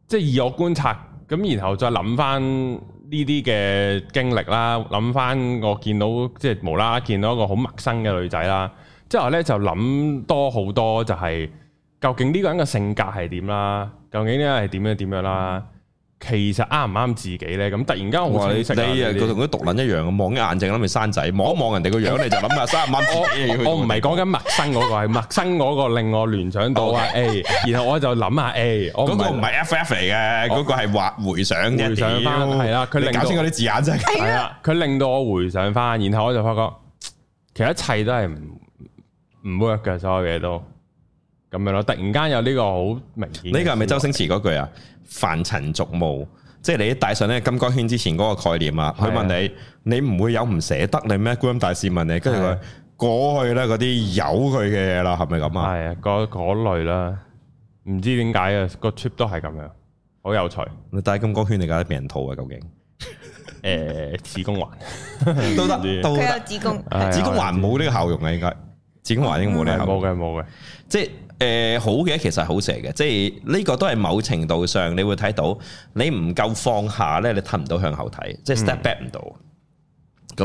即係以我觀察，咁然後再諗翻呢啲嘅經歷啦、啊，諗翻我見到即係無啦啦見到一個好陌生嘅女仔啦、啊，之後咧就諗多好多，就係究竟呢個人嘅性格係點啦，究竟呢個係點樣點、啊、樣啦、啊。其實啱唔啱自己咧？咁突然間我話你，你啊，佢同嗰啲毒撚一樣，望一眼淨諗咪生仔，望一望人哋個樣你就諗下生唔生自己，我唔係講緊陌生嗰個，係陌生嗰個令我聯想到啊 A，然後我就諗下 A。嗰個唔係 FF 嚟嘅，嗰個係畫回想嘅。想翻，係啦，佢令到你搞清啲字眼真係啦，佢令到我回想翻，然後我就發覺其實一切都係唔 work 嘅，所有嘢都。咁樣咯，突然間有呢個好明顯。呢個係咪周星馳嗰句啊？凡塵俗務，即係你喺戴上咧金光圈之前嗰個概念啊。佢問你，你唔會有唔捨得你咩？觀音大士問你，跟住佢過去咧嗰啲有佢嘅嘢啦，係咪咁啊？係啊，嗰嗰類啦，唔知點解啊。個 trip 都係咁樣，好有趣。戴金光圈你搞得畀人套啊？究竟？誒，子宮環都得，佢有子宮子宮環冇呢個效用啊，應該子宮環應該冇呢個效用，冇嘅冇嘅，即係。誒、呃，好嘅，其實好邪嘅，即係呢個都係某程度上你會睇到你夠，你唔夠放下咧，你睇唔到向後睇，嗯、即係 step back 唔到。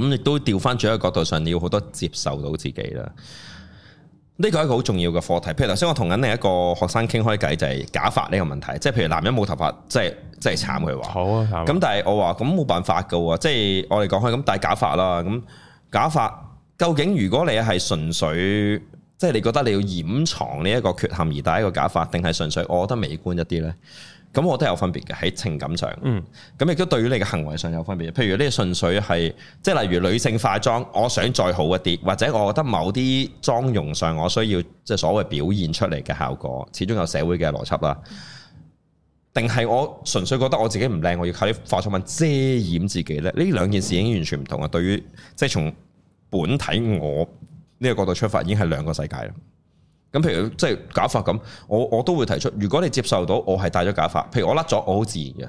咁亦都調翻轉一個角度上，你要好多接受到自己啦。呢個係一個好重要嘅課題。譬如頭先我同緊另一個學生傾開偈，就係、是、假髮呢個問題。即係譬如男人冇頭髮，即係即係慘佢話好，啊！」咁了但係我話咁冇辦法噶喎。即係我哋講開咁，但係假髮啦，咁假髮究竟如果你係純粹？即係你覺得你要掩藏呢一個缺陷而帶一個假髮，定係純粹我覺得美觀一啲呢？咁我都有分別嘅喺情感上，咁亦都對於你嘅行為上有分別。譬如呢，純粹係即係例如女性化妝，我想再好一啲，或者我覺得某啲妝容上我需要即係所謂表現出嚟嘅效果，始終有社會嘅邏輯啦。定係我純粹覺得我自己唔靚，我要靠啲化妝品遮掩自己呢？呢兩件事已經完全唔同啊！對於即係從本體我。呢個角度出發已經係兩個世界啦。咁譬如即係假髮咁，我我都會提出，如果你接受到我係戴咗假髮，譬如我甩咗，我好自然嘅，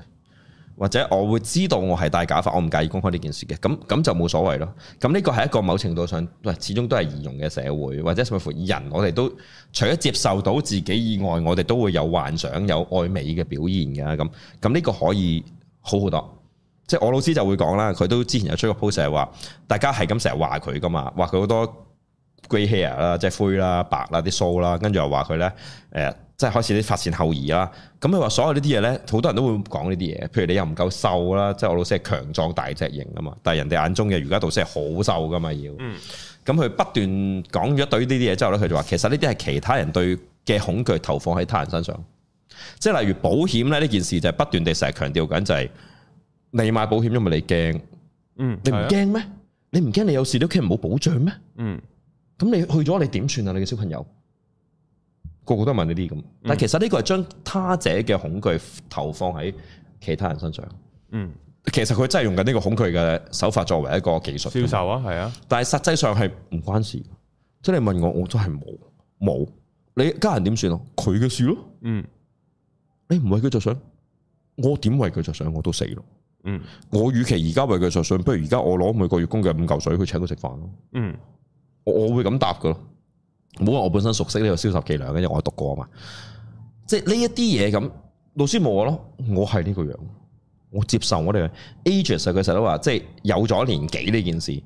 或者我會知道我係戴假髮，我唔介意公開呢件事嘅。咁咁就冇所謂咯。咁呢個係一個某程度上，喂，始終都係易容嘅社會，或者甚至乎人，我哋都除咗接受到自己以外，我哋都會有幻想、有愛美嘅表現嘅。咁咁呢個可以好好多。即係我老師就會講啦，佢都之前有出過 post 係話，大家係咁成日話佢噶嘛，話佢好多。grey hair 啦，呃，即係灰啦，白啦，啲鬚啦，跟住又話佢咧，誒,即係開始啲發線後移啦。咁佢話所有呢啲嘢咧，好多人都會講呢啲嘢。譬如你又唔夠瘦啦,即係我老師係強壯大隻型㗎嘛，但係人哋眼中嘅瑜伽導師係好瘦噶嘛要。咁佢不斷講咗一堆呢啲嘢之後咧，佢就話其實呢啲係其他人對嘅恐懼投放喺他人身上。即係例如保險咧，呢件事就係不斷地成日強調緊就係你買保險，因為你驚，嗯，你唔驚咩？你唔驚你，你有事都屋企人冇保障咩？嗯。咁你去咗你點算啊？你嘅小朋友個個都問你啲咁，但係其實呢個係將他者嘅恐懼投放喺其他人身上。嗯，其實佢真係用緊呢個恐懼嘅手法作為一個技術銷售啊，係啊。但係實際上係唔關事。即係你問我，我都係冇冇。你家人點算咯？佢嘅事咯。嗯，你唔為佢着想，我點為佢着想？我都死咯。嗯，我與其而家為佢着想，不如而家我攞每個月供嘅五嚿水，去請佢食飯咯。嗯。我我會咁答噶，冇話我本身熟悉呢個銷售伎倆，因為我讀過啊嘛，即係呢一啲嘢咁，老師冇我咯，我係呢個樣，我接受我哋嘅。ages 啊，佢成日都話，即係有咗年紀呢件事，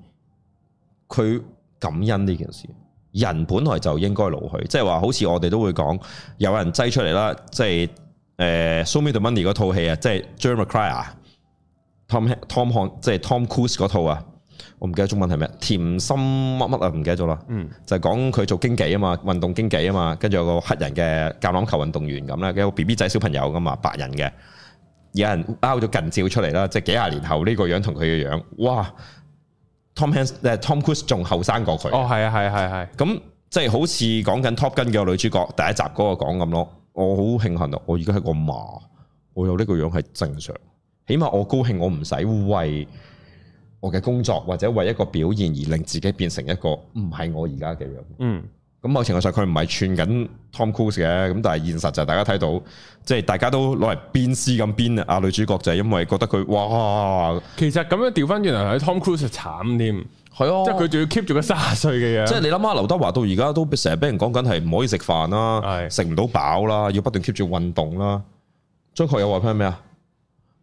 佢感恩呢件事，人本來就應該老去，即係話好似我哋都會講，有人擠出嚟啦，即係誒，so many money 嗰套戲啊，即係 german cry 啊、er，tom tom con 即係 tom cruise 嗰套啊。我唔記得中文係咩，甜心乜乜啊，唔記得咗啦。嗯，就係講佢做經紀啊嘛，運動經紀啊嘛，跟住有個黑人嘅橄欖球運動員咁咧，有個 BB 仔小朋友噶嘛，白人嘅，有人 out 咗近照出嚟啦，即係幾廿年後呢個樣同佢嘅樣，哇，Tom Hanks Tom Cruise 仲後生過佢。哦，係啊，係係係。咁、啊、即係好似講緊 Top Gun 嘅女主角第一集嗰個講咁咯，我好慶幸到，我而家係個媽，我有呢個樣係正常，起碼我高興，我唔使喂。我嘅工作或者為一個表現而令自己變成一個唔係我而家嘅樣。嗯，咁某程度上佢唔係串緊 Tom Cruise 嘅，咁但係現實就大家睇到，即係大家都攞嚟鞭屍咁鞭啊！女主角就係因為覺得佢哇，其實咁樣調翻轉頭，喺 Tom Cruise 慘添，係哦，即係佢仲要 keep 住個卅歲嘅樣。即係你諗下，劉德華到而家都成日俾人講緊係唔可以食飯啦，食唔係到飽啦，要不斷 keep 住運動啦。張學友話佢咩啊？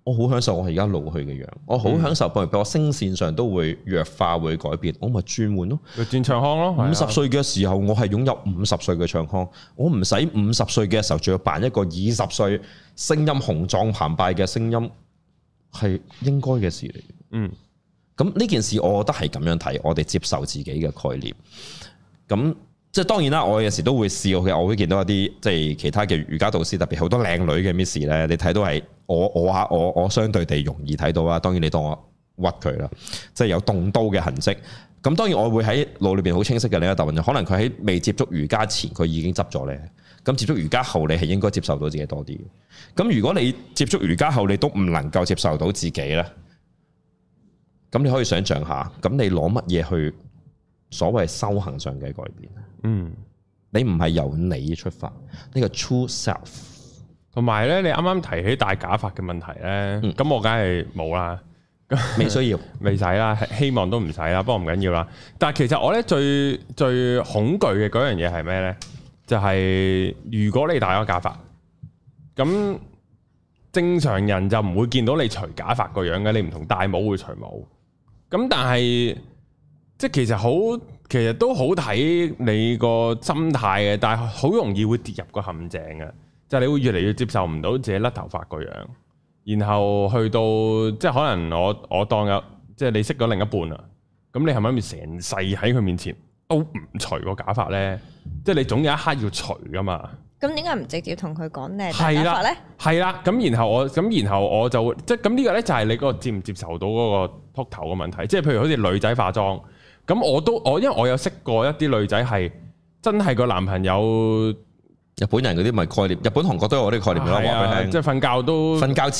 我好享受我而家老去嘅樣，我好享受，不如我聲線上都會弱化，會改變，我咪轉換咯，咪轉唱腔咯。五十歲嘅時候我擁，我係擁有五十歲嘅唱腔，我唔使五十歲嘅時候，仲要扮一個二十歲聲音雄壯澎湃嘅聲音，係應該嘅事嚟。嗯，咁呢件事，我覺得係咁樣睇，我哋接受自己嘅概念。咁。即係當然啦，我有時都會笑嘅，我會見到一啲即係其他嘅瑜伽導師，特別好多靚女嘅 miss 咧，你睇到係我我吓我我相對地容易睇到啦。當然你當我屈佢啦，即係有動刀嘅痕跡。咁當然我會喺腦裏邊好清晰嘅呢一啖問，就可能佢喺未接觸瑜伽前佢已經執咗咧。咁接觸瑜伽後你係應該接受到自己多啲嘅。咁如果你接觸瑜伽後你都唔能夠接受到自己咧，咁你可以想像下，咁你攞乜嘢去？所謂修行上嘅改變，嗯，你唔係由你出發呢、這個 true self。同埋咧，你啱啱提起戴假髮嘅問題咧，咁、嗯、我梗係冇啦，未、嗯、 需要，未使啦，希望都唔使啦，不過唔緊要啦。但係其實我咧最最恐懼嘅嗰樣嘢係咩咧？就係、是、如果你戴咗假髮，咁正常人就唔會見到你除假發個樣嘅，你唔同戴帽會除帽，咁但係。即係其實好，其實都好睇你個心態嘅，但係好容易會跌入個陷阱嘅，就係、你會越嚟越接受唔到自己甩頭髮個樣，然後去到即係可能我我當有即係你識咗另一半啦，咁你係咪咪成世喺佢面前都唔除個假髮咧？即係你總有一刻要除噶嘛？咁點解唔直接同佢講你係假髮咧？係啦，咁然後我咁然後我就即係咁呢個咧就係你、嗰個接唔接受到嗰個禿頭嘅問題，即係譬如好似女仔化妝。咁我都我，因為我有識過一啲女仔係真係個男朋友日本人嗰啲，咪概念日本、韓國都有呢個概念啦。啊、即係瞓覺都瞓覺前，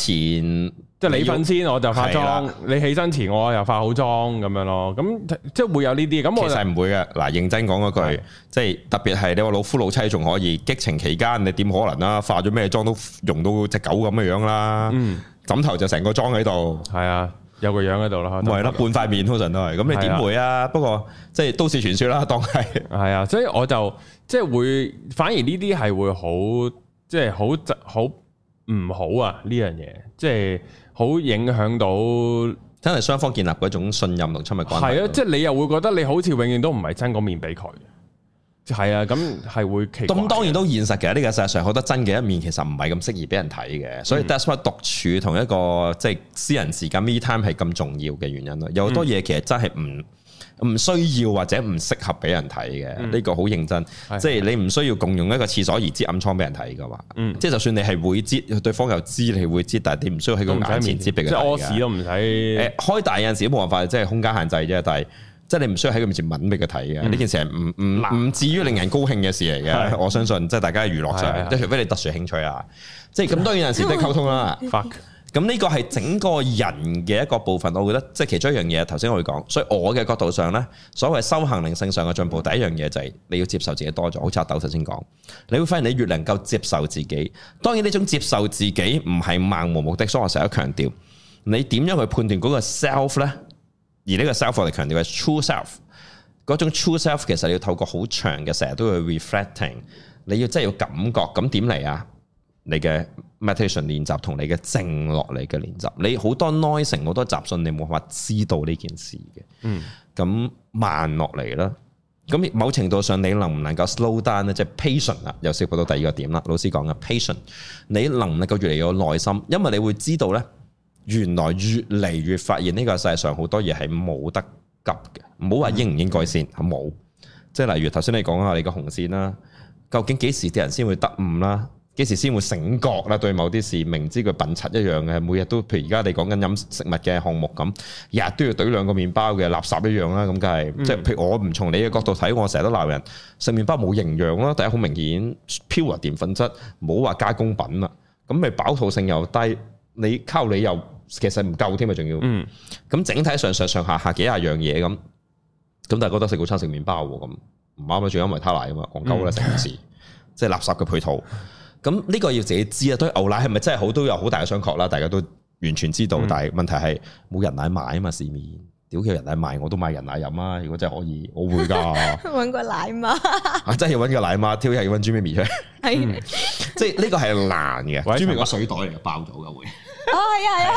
即係你瞓先，我就化妝；啊、你起身前我，啊、前我又化好妝咁樣咯。咁即係會有呢啲。咁我其實唔會嘅。嗱，認真講嗰句，啊、即係特別係你話老夫老妻仲可以激情期間，你點可能啦？化咗咩妝都溶到隻狗咁嘅樣啦。嗯，枕頭就成個妝喺度。係啊。有個樣喺度咯，唔係啦，半塊面通常都係咁，的你點會啊？的不過即係都市傳說啦，當係係啊，所以我就即係會，反而呢啲係會好，即係好好唔好啊！呢樣嘢即係好影響到真係雙方建立嗰種信任同親密關係。係啊，即係你又會覺得你好似永遠都唔係真個面俾佢。係啊，咁係會，咁當然都現實嘅。呢、這個世界上好多真嘅一面，其實唔係咁適宜俾人睇嘅。嗯、所以 that's why 獨處同一個即係、就是、私人時間 me time 係咁重要嘅原因咯。有好多嘢其實真係唔唔需要或者唔適合俾人睇嘅。呢、嗯、個好認真。即係、嗯、你唔需要共用一個廁所而擠暗瘡俾人睇嘅嘛。即係、嗯、就算你係會擠對方又知你會擠，但係你唔需要喺佢眼前擠。前擠即屙屎都唔使。誒，開大有陣時都冇辦法，即、就、係、是、空間限制啫，但係。即係你唔需要喺佢面前吻俾佢睇嘅，呢、嗯、件事係唔唔唔至於令人高興嘅事嚟嘅。嗯、我相信即係大家喺娛樂上，即係、嗯、除非你特殊興趣啊。嗯、即係咁當然有陣時都係溝通啦。咁呢、嗯、個係整個人嘅一個部分，我覺得即係其中一樣嘢。頭先我會講，所以我嘅角度上咧，所謂修行靈性上嘅進步，第一樣嘢就係你要接受自己多咗。好似渣斗頭先講，你會發現你越能夠接受自己。當然呢種接受自己唔係盲目目的，所以我成日都強調，你點樣去判斷嗰個 self 咧？而呢個 self 我哋強調係 true self，嗰種 true self 其實你要透過好長嘅成日都會 reflecting，你要真係有感覺。咁點嚟啊？你嘅 meditation 練習同你嘅靜落嚟嘅練習，你好多 noise 好多雜訊，你冇辦法知道呢件事嘅。嗯。咁慢落嚟啦。咁某程度上你能唔能夠 slow down 呢？即係 patient 啦。又涉及到第二個點啦。老師講嘅 patient 你能唔能夠越嚟越有耐心，因為你會知道咧。原來越嚟越發現呢個世界上好多嘢係冇得急嘅，唔好話應唔應該先，好冇、嗯。即係例如頭先你講下你個紅線啦，究竟幾時啲人先會得悟啦？幾時先會醒覺啦？對某啲事明知佢品質一樣嘅，每日都譬如而家你講緊飲食物嘅項目咁，日日都要懟兩個麵包嘅垃圾一樣啦，咁梗係即係、嗯、譬如我唔從你嘅角度睇，我成日都鬧人食麵包冇營養啦，第一好明顯飄或澱粉質，冇話加工品啦，咁咪飽肚性又低，你溝你又～其實唔夠添啊，仲要，咁、嗯、整體上上上下下幾廿樣嘢咁，咁但係覺得食早餐食麪包喎，咁唔啱啦，仲因為他奶啊嘛，過夠啦，成件事，嗯、即係垃圾嘅配套，咁呢個要自己知啊，對牛奶係咪真係好都有好大嘅商榷啦，大家都完全知道，嗯、但係問題係冇人奶賣啊嘛，市面。屌，嘅人奶賣我都買人奶飲啊！如果真係可以，我會噶揾個奶媽，真係要揾個奶媽，挑人要搵 Jimmy 出嚟。係，即係呢個係難嘅。Jimmy 個水袋嚟嘅，爆咗噶會。哦，係啊，係啊，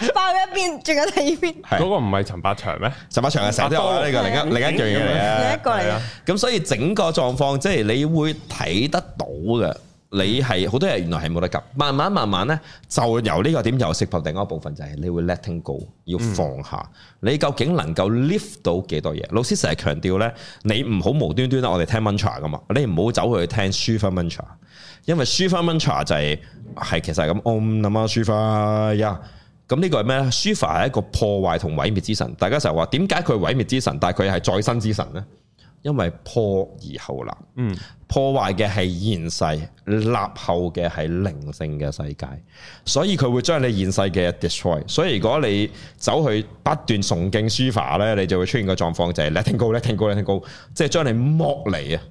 係啊，爆咗一邊，仲有第二邊。嗰個唔係陳百祥咩？陳百祥嘅死掉啦！呢個另一另一樣嘢。另一個嚟。咁所以整個狀況，即係你會睇得到嘅。你係好多嘢原來係冇得及，慢慢慢慢咧就由呢個點由釋放另一個部分就係你會 letting go 要放下，你究竟能夠 lift 到幾多嘢？嗯、老師成日強調咧，你唔好無端端啦，我哋聽 mantra 噶嘛，你唔好走去聽 Shiva mantra，因為 Shiva mantra 就係、係、係其實係咁哦，n 啊嘛 Shiva 呀，咁、oh, 呢、so yeah. 個係咩咧？Shiva 係一個破壞同毀滅之神，大家成日話點解佢毀滅之神，但係佢係再生之神咧？因為破而後立，嗯，破壞嘅係現世，立後嘅係靈性嘅世界，所以佢會將你現世嘅 destroy。所以如果你走去不斷崇敬書法咧，你就會出現個狀況就係 letting go，letting go，letting go，即係將你剝離啊！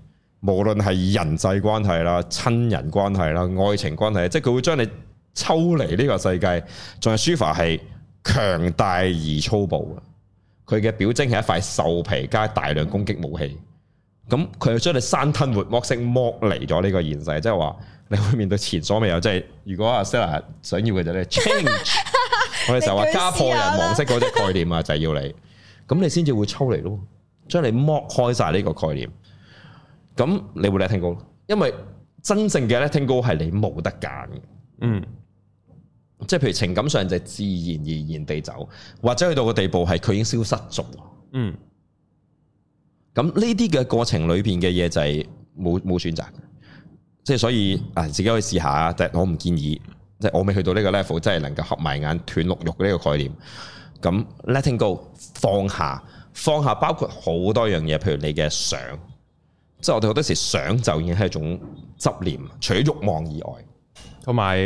無論係人際關係啦、親人關係啦、愛情關係，即係佢會將你抽離呢個世界。仲係書法係強大而粗暴。佢嘅表徵係一塊獸皮加大量攻擊武器，咁佢就將你生吞活剝式剝離咗呢個現世。即係話你會面對前所未有。即係，如果阿 Sella 想要嘅就係 change， 我哋就話家破人亡式嗰隻概念啊，就係要你，咁你先至會抽離咯，將你剝開晒呢個概念，咁你會 listen 咯，因為真正嘅 listen 係你冇得揀，嗯。即係譬如情感上就自然而然地走，或者去到個地步係佢已經消失咗。嗯，咁呢啲嘅過程裏邊嘅嘢就係冇冇選擇。即係所以啊，自己可以試下，但係我唔建議。即係我未去到呢個 level，真係能夠合埋眼斷六肉嘅呢個概念。咁 letting go 放下放下，包括好多樣嘢，譬如你嘅想，即係我哋好多時想就已經係一種執念，除咗欲望以外。同埋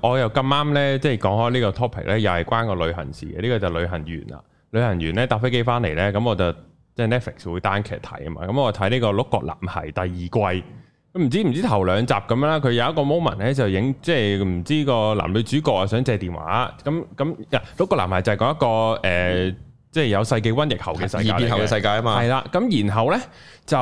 我又咁啱呢，即係講開呢個 topic 呢，又係關個旅行事嘅。呢、這個就旅行員啦，旅行員呢搭飛機翻嚟呢，咁我就即係、就是、Netflix 會單劇睇啊嘛。咁我睇呢、這個《鹿角男孩》第二季，唔知唔知頭兩集咁啦。佢有一個 moment 呢，就影即係唔知個男女主角啊，想借電話。咁咁，鹿角男孩就係講一個誒。呃嗯即係有世紀瘟疫後嘅世界嘅世界啊嘛，係啦。咁然後呢，就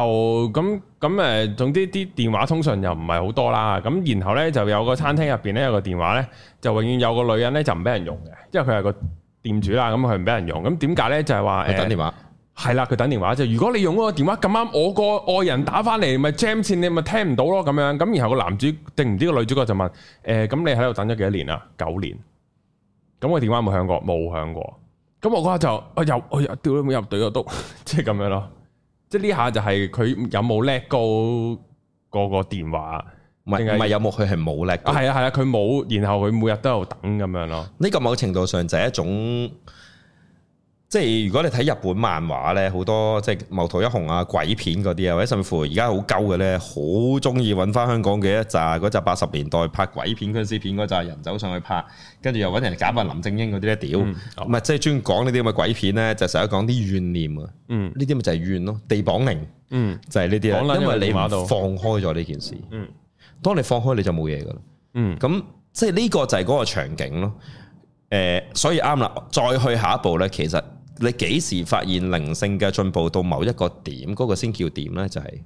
咁咁誒，總之啲電話通訊又唔係好多啦。咁然後呢，就有個餐廳入邊呢，有個電話呢，就永遠有個女人，人，個人呢，就唔俾人用嘅，因為佢係個店主啦。咁佢唔俾人用，咁點解呢？就係話誒，等電話係啦，佢、欸、等電話就如果你用嗰個電話咁啱我個愛人打翻嚟，咪 jam 線，你咪聽唔到咯咁樣。咁然後個男主定唔知個女主角就問誒，咁、欸、你喺度等咗幾多年啊？九年。咁、那個電話有冇響過？冇響過。咁我嗰下就我入我入，掉咗入隊我都，即係咁樣咯。即係呢下就係佢有冇叻高個個電話，唔係唔係有冇佢係冇叻。係啊係啊，佢冇、啊，然後佢每日都有等咁樣咯。呢個某程度上就係一種。即係如果你睇日本漫畫咧，好多即係《楳圖一雄》啊、鬼片嗰啲啊，或者甚至乎而家好鳩嘅咧，好中意揾翻香港嘅一扎，嗰扎八十年代拍鬼片嗰陣時片嗰扎人走上去拍，跟住又揾人嚟假扮林正英嗰啲咧，屌，唔係、嗯、即係專講呢啲咁嘅鬼片咧，就成日講啲怨念啊，嗯，呢啲咪就係怨咯，地縛靈，嗯，就係呢啲啦，因為你話放開咗呢件事，嗯，當你放開你就冇嘢噶啦，嗯，咁即係呢個就係嗰個場景咯，誒、呃，所以啱啦，再去下一步咧，其實。你幾時發現靈性嘅進步到某一個點，嗰個先叫點呢？就係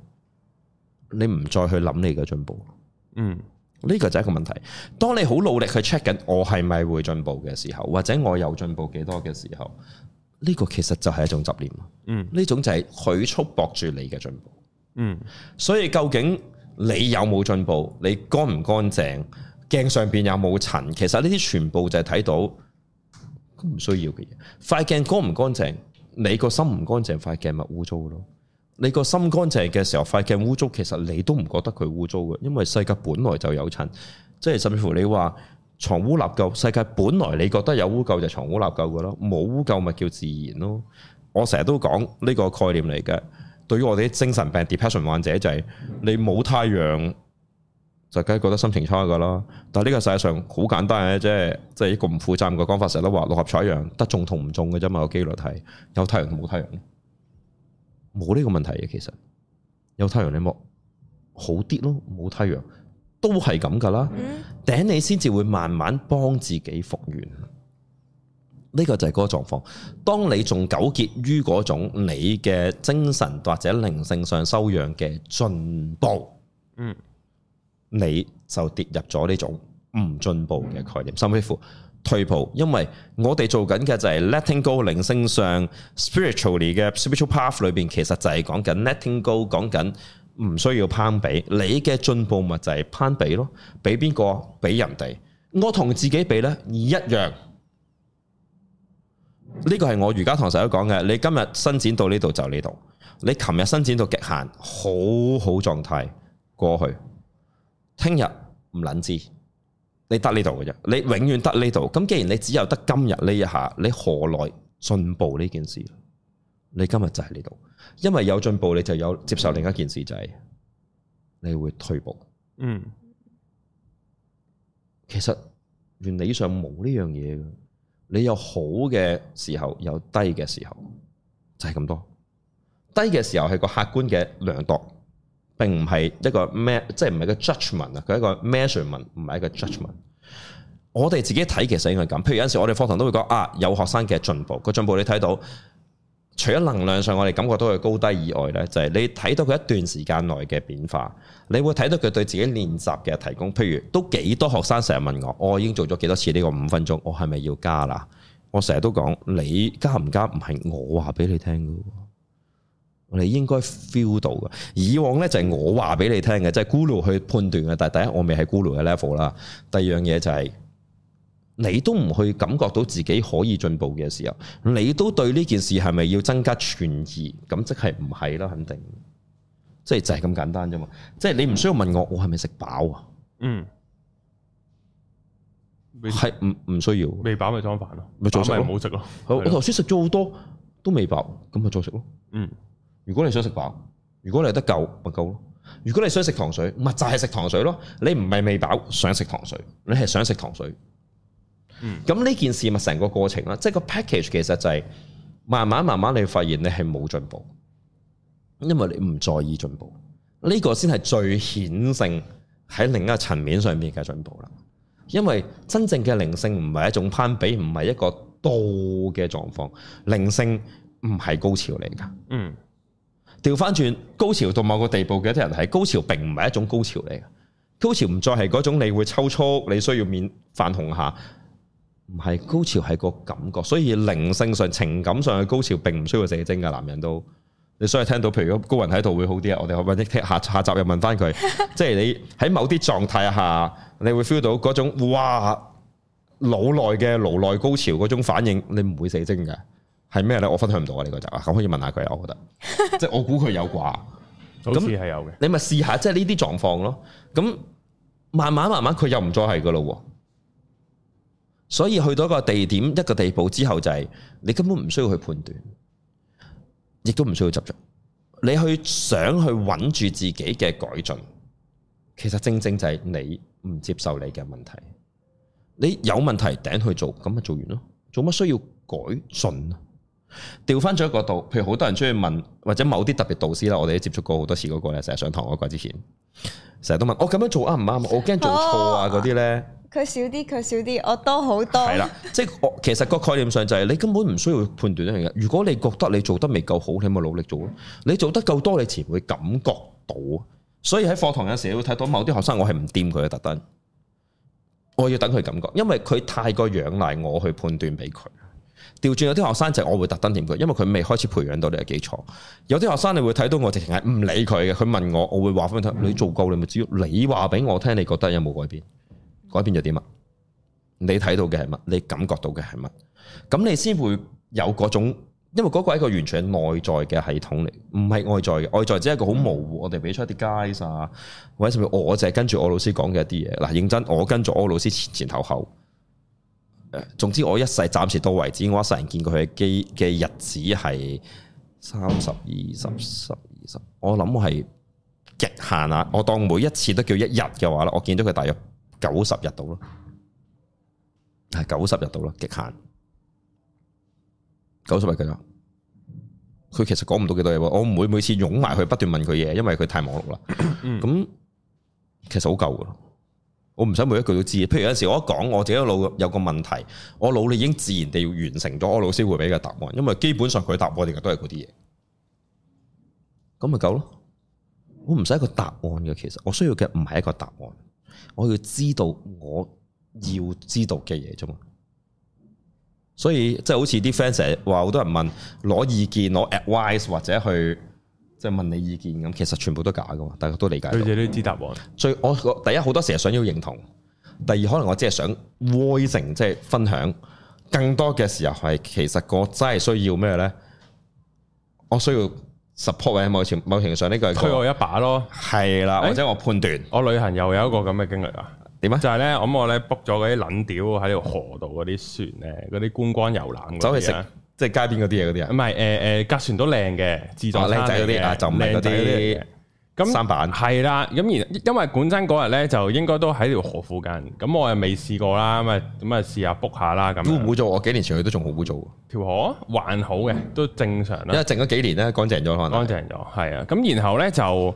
你唔再去諗你嘅進步。嗯，呢個就係一個問題。當你好努力去 check 緊，我係咪會進步嘅時候，或者我有進步幾多嘅時候，呢個其實就係一種執念。嗯，呢種就係佢束縛住你嘅進步。嗯，所以究竟你有冇進步？你乾唔乾淨？鏡上邊有冇塵？其實呢啲全部就係睇到。唔需要嘅嘢，塊鏡乾唔乾淨？你個心唔乾淨，塊鏡咪污糟咯。你個心乾淨嘅時候，塊鏡污糟，其實你都唔覺得佢污糟嘅，因為世界本來就有塵，即係甚至乎你話藏污納垢，世界本來你覺得有污垢就藏污納垢噶咯，冇污垢咪叫自然咯。我成日都講呢個概念嚟嘅，對於我哋啲精神病 depression 患者就係你冇太陽。就梗係覺得心情差噶啦，但係呢個實際上好簡單嘅，即係即係一個唔負責任嘅講法，成日都話六合彩一樣，得中同唔中嘅啫嘛，個幾率係有太陽同冇太陽，冇呢個問題嘅其實，有太陽你冇好啲咯，冇太陽都係咁噶啦，頂、mm hmm. 你先至會慢慢幫自己復原，呢、這個就係嗰個狀況。當你仲糾結於嗰種你嘅精神或者靈性上修養嘅進步，嗯、mm。Hmm. 你就跌入咗呢種唔進步嘅概念，甚至乎退步。因為我哋做緊嘅就係 letting go，靈性上 spiritually 嘅 spiritual path 裏邊，其實就係講緊 letting go，講緊唔需要攀比。你嘅進步咪就係攀比咯，比邊個？比人哋？我同自己比呢一樣。呢個係我瑜伽堂首席講嘅。你今日伸展到呢度就呢度，你琴日伸展到極限，好好狀態過去。聽日唔捻知，你得呢度嘅啫，你永遠得呢度。咁既然你只有得今日呢一下，你何來進步呢件事？你今日就喺呢度，因為有進步，你就有接受另一件事、嗯、就係你會退步。嗯，其實原理上冇呢樣嘢嘅，你有好嘅時候，有低嘅時候，就係、是、咁多。低嘅時候係個客觀嘅量度。並唔係一個咩，即係唔係個 judgement 啊？佢一個 measurement，唔係一個 judgement。我哋自己睇其實應該咁。譬如有陣時我哋課堂都會講啊，有學生嘅進步，個進步你睇到。除咗能量上我哋感覺到佢高低以外呢，就係你睇到佢一段時間內嘅變化，你會睇到佢對自己練習嘅提供。譬如都幾多學生成日問我，我已經做咗幾多次呢個五分鐘，我係咪要加啦？我成日都講，你加唔加唔係我話俾你聽噶。我哋應該 feel 到嘅，以往咧就係我話俾你聽嘅，即係 google 去判斷嘅。但係第一我未係 google 嘅 level 啦，第二樣嘢就係、是、你都唔去感覺到自己可以進步嘅時候，你都對呢件事係咪要增加存疑？咁即係唔係啦，肯定是是，即係就係、是、咁簡單啫嘛。即、就、係、是、你唔需要問我，我係咪食飽啊？嗯，係唔唔需要？未飽咪裝飯咯，咪好食咯。我頭先食咗好多都未飽，咁咪再食咯。嗯。如果你想食飽，如果你得夠咪夠咯；如果你想食糖水，咪就係食糖水咯。你唔係未飽想食糖水，你係想食糖水。嗯，咁呢件事咪成個過程啦，即係個 package 其實就係慢慢慢慢你發現你係冇進步，因為你唔在意進步。呢個先係最顯性喺另一層面上面嘅進步啦。因為真正嘅靈性唔係一種攀比，唔係一個多嘅狀況，靈性唔係高潮嚟噶。嗯。調翻轉高潮到某個地步嘅一啲人係高潮，並唔係一種高潮嚟嘅。高潮唔再係嗰種你會抽搐，你需要面泛紅下，唔係高潮係個感覺。所以靈性上、情感上嘅高潮，並唔需要死精噶。男人都，你所以聽到，譬如高人喺度會好啲啊。我哋可唔可以聽下下集又問翻佢， 即係你喺某啲狀態下，你會 feel 到嗰種哇腦內嘅顱內高潮嗰種反應，你唔會死精噶。係咩咧？我分享唔到啊！呢個就，啊，咁可以問下佢啊。我覺得， 即係我估佢有啩，好似係有嘅。你咪試下，即係呢啲狀況咯。咁慢慢慢慢，佢又唔再係噶咯。所以去到一個地點一個地步之後，就係你根本唔需要去判斷，亦都唔需要執着。你去想去穩住自己嘅改進，其實正正就係你唔接受你嘅問題。你有問題頂去做，咁咪做完咯。做乜需要改進啊？調翻咗一個度，譬如好多人出去問，或者某啲特別導師啦，我哋都接觸過好多次嗰、那個咧，成日上堂嗰個之前，成日都問我咁樣做啱唔啱？我驚做錯啊嗰啲咧，佢、哦、些少啲，佢少啲，我多好多係啦。即係我其實個概念上就係、是、你根本唔需要判斷嘅。如果你覺得你做得未夠好，你咪努力做咯。你做得夠多，你自然會感覺到。所以喺課堂有陣時你會睇到某啲學生，我係唔掂佢嘅特登，我要等佢感覺，因為佢太過仰賴我，我去判斷俾佢。調轉有啲學生就係我會特登點佢，因為佢未開始培養到你嘅基礎。有啲學生你會睇到我直情係唔理佢嘅，佢問我，我會話翻佢：你做鳩，你咪知。你話俾我聽，你覺得有冇改變？改變咗啲乜？你睇到嘅係乜？你感覺到嘅係乜？咁你先會有嗰種，因為嗰個係一個完全內在嘅系統嚟，唔係外在嘅。外在只係一個好模糊。嗯、我哋俾出一啲 guys 啊，或者甚至我就係跟住我老師講嘅一啲嘢。嗱，認真，我跟住我老師前前後後。誒，總之我一世暫時到為止，我一世人見過佢嘅機嘅日子係三十二十十二十，我諗係極限啦。我當每一次都叫一日嘅話咧，我見到佢大約九十日到咯，係九十日到咯，極限。九十日幾多？佢其實講唔到幾多嘢。我唔會每次擁埋去不斷問佢嘢，因為佢太忙碌啦。嗯，咁其實好夠我唔想每一句都知，譬如有陣時我一講我自己腦有個問題，我腦裏已經自然地要完成咗，我老師會畀嘅答案，因為基本上佢答案其實都係嗰啲嘢，咁咪夠咯。我唔使一個答案嘅，其實我需要嘅唔係一個答案，我要知道我要知道嘅嘢啫嘛。所以即係、就是、好似啲 fans 話好多人問攞意見攞 advice 或者去。即係問你意見咁，其實全部都假噶嘛，大家都理解。對住呢啲答案。所以我第一好多時係想要認同，第二可能我只係想 voice，即係分享。更多嘅時候係其實我真係需要咩咧？我需要 support 喎，喺某某程度上，呢個係推我一把咯。係啦，或者我判斷、欸。我旅行又有一個咁嘅經歷啊。點啊？就係咧，咁我咧 book 咗嗰啲卵屌喺條河度嗰啲船，誒，嗰啲觀光遊覽。走去食。即係街邊嗰啲嘢，嗰啲唔係誒誒，隔、呃呃、船都靚嘅，自助餐嗰啲啊，就唔係嗰啲咁三板係啦。咁而因為本身嗰日咧，就應該都喺條河附近。咁我又未試過啦，咁啊咁啊試下 book 下啦。咁好污糟，我幾年前去都仲好污糟。條河還好嘅，嗯、都正常啦。因為靜咗幾年咧，乾淨咗可能乾淨咗係啊。咁然後咧就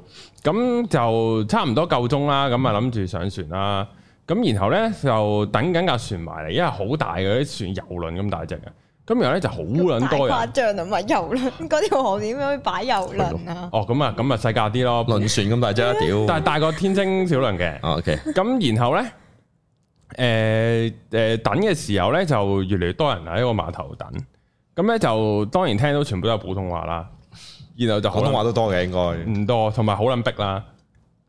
咁就差唔多夠鐘啦。咁啊諗住上船啦。咁然後咧就等緊架船埋嚟，因為好大嘅啲船，遊輪咁大隻嘅。今日後咧就好撚多人，太誇張啦！唔係遊輪，嗰條河點樣擺遊輪啊？了哦，咁啊，咁啊細架啲咯，輪船咁大一屌！但係大過天星小輪嘅。o k 咁然後咧，誒、呃、誒、呃、等嘅時候咧，就越嚟越多人喺、這個碼頭等。咁咧就當然聽到全部都係普通話啦。然後就普通話都多嘅，應該唔多，同埋好撚逼啦。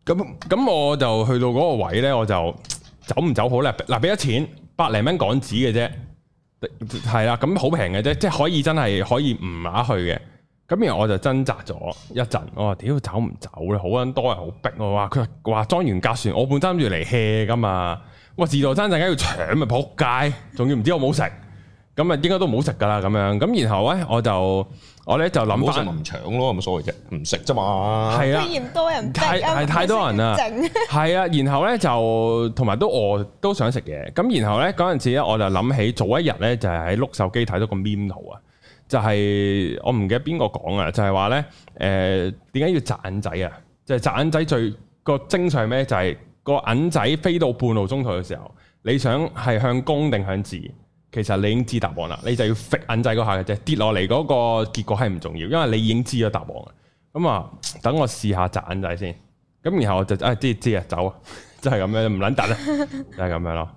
咁咁、嗯、那我就去到嗰個位咧，我就走唔走好咧？嗱，俾、啊、咗錢，百零蚊港紙嘅啫。係啦，咁好平嘅啫，即係可以真係可以唔去嘅。咁然後我就掙扎咗一陣，我話：屌走唔走咧？好撚多人好逼我，我話佢話裝完甲船，我本身諗住嚟 hea 噶嘛，哇！自助餐陣間要搶啊，扑街，仲要唔知我有冇食。咁啊，應該都唔好食噶啦，咁樣。咁然後咧，我就我咧就諗翻唔食咪唔搶咯，冇所謂啫。唔食啫嘛。係啊，嫌多人，係太多人啊，係 啊。然後咧就同埋都餓，都想食嘢。咁然後咧嗰陣時咧、就是就是，我就諗起早一日咧就係喺碌手機睇到個片圖啊，就係我唔記得邊個講啊，就係話咧誒點解要擲銀仔啊？就係擲銀仔最個精髓係咩？就係、是、個銀仔飛到半路中途嘅時候，你想係向公定向字？其實你已經知答案啦，你就要揈銀仔嗰下嘅啫，跌落嚟嗰個結果係唔重要，因為你已經知咗答案嘅。咁、嗯、啊，等我試下揈銀仔先。咁然後我就啊、哎、知知啊走啊， 就係咁樣唔撚揈啊， 就係咁樣咯。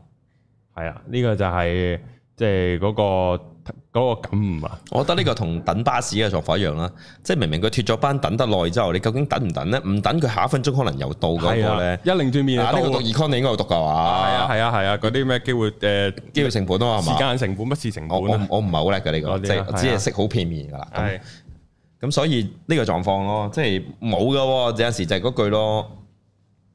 係啊，呢、呢個就係即係嗰個。嗰個感悟啊！我覺得呢個同等巴士嘅狀況一樣啦，即係明明佢脫咗班等得耐之後，你究竟等唔等呢？唔等佢下一分鐘可能又到嗰個咧。一令轉面啊！呢個讀 econ 你應該有讀噶話。係啊係啊係啊！嗰啲咩機會誒機會成本啊嘛？時間成本，乜事情成本。我我我唔係好叻嘅呢個，即係只係識好片面㗎啦。係。咁所以呢個狀況咯，即係冇㗎喎，有時就係嗰句咯。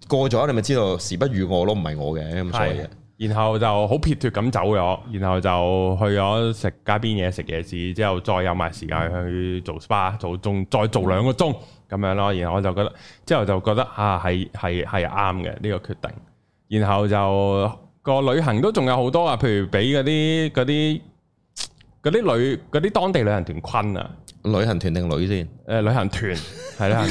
過咗你咪知道時不如我咯，唔係我嘅咁嘅。然後就好撇脫咁走咗，然後就去咗食街邊嘢，食嘢市，之後再有埋時間去做 SPA，做鐘再做，做，做兩個鐘咁樣咯。然後我就覺得，之後就覺得啊，係係係啱嘅呢個決定。然後就個旅行都仲有好多啊，譬如俾嗰啲嗰啲嗰啲旅啲當地旅行團昆啊。旅行團定女先？誒、呃，旅行團係啦，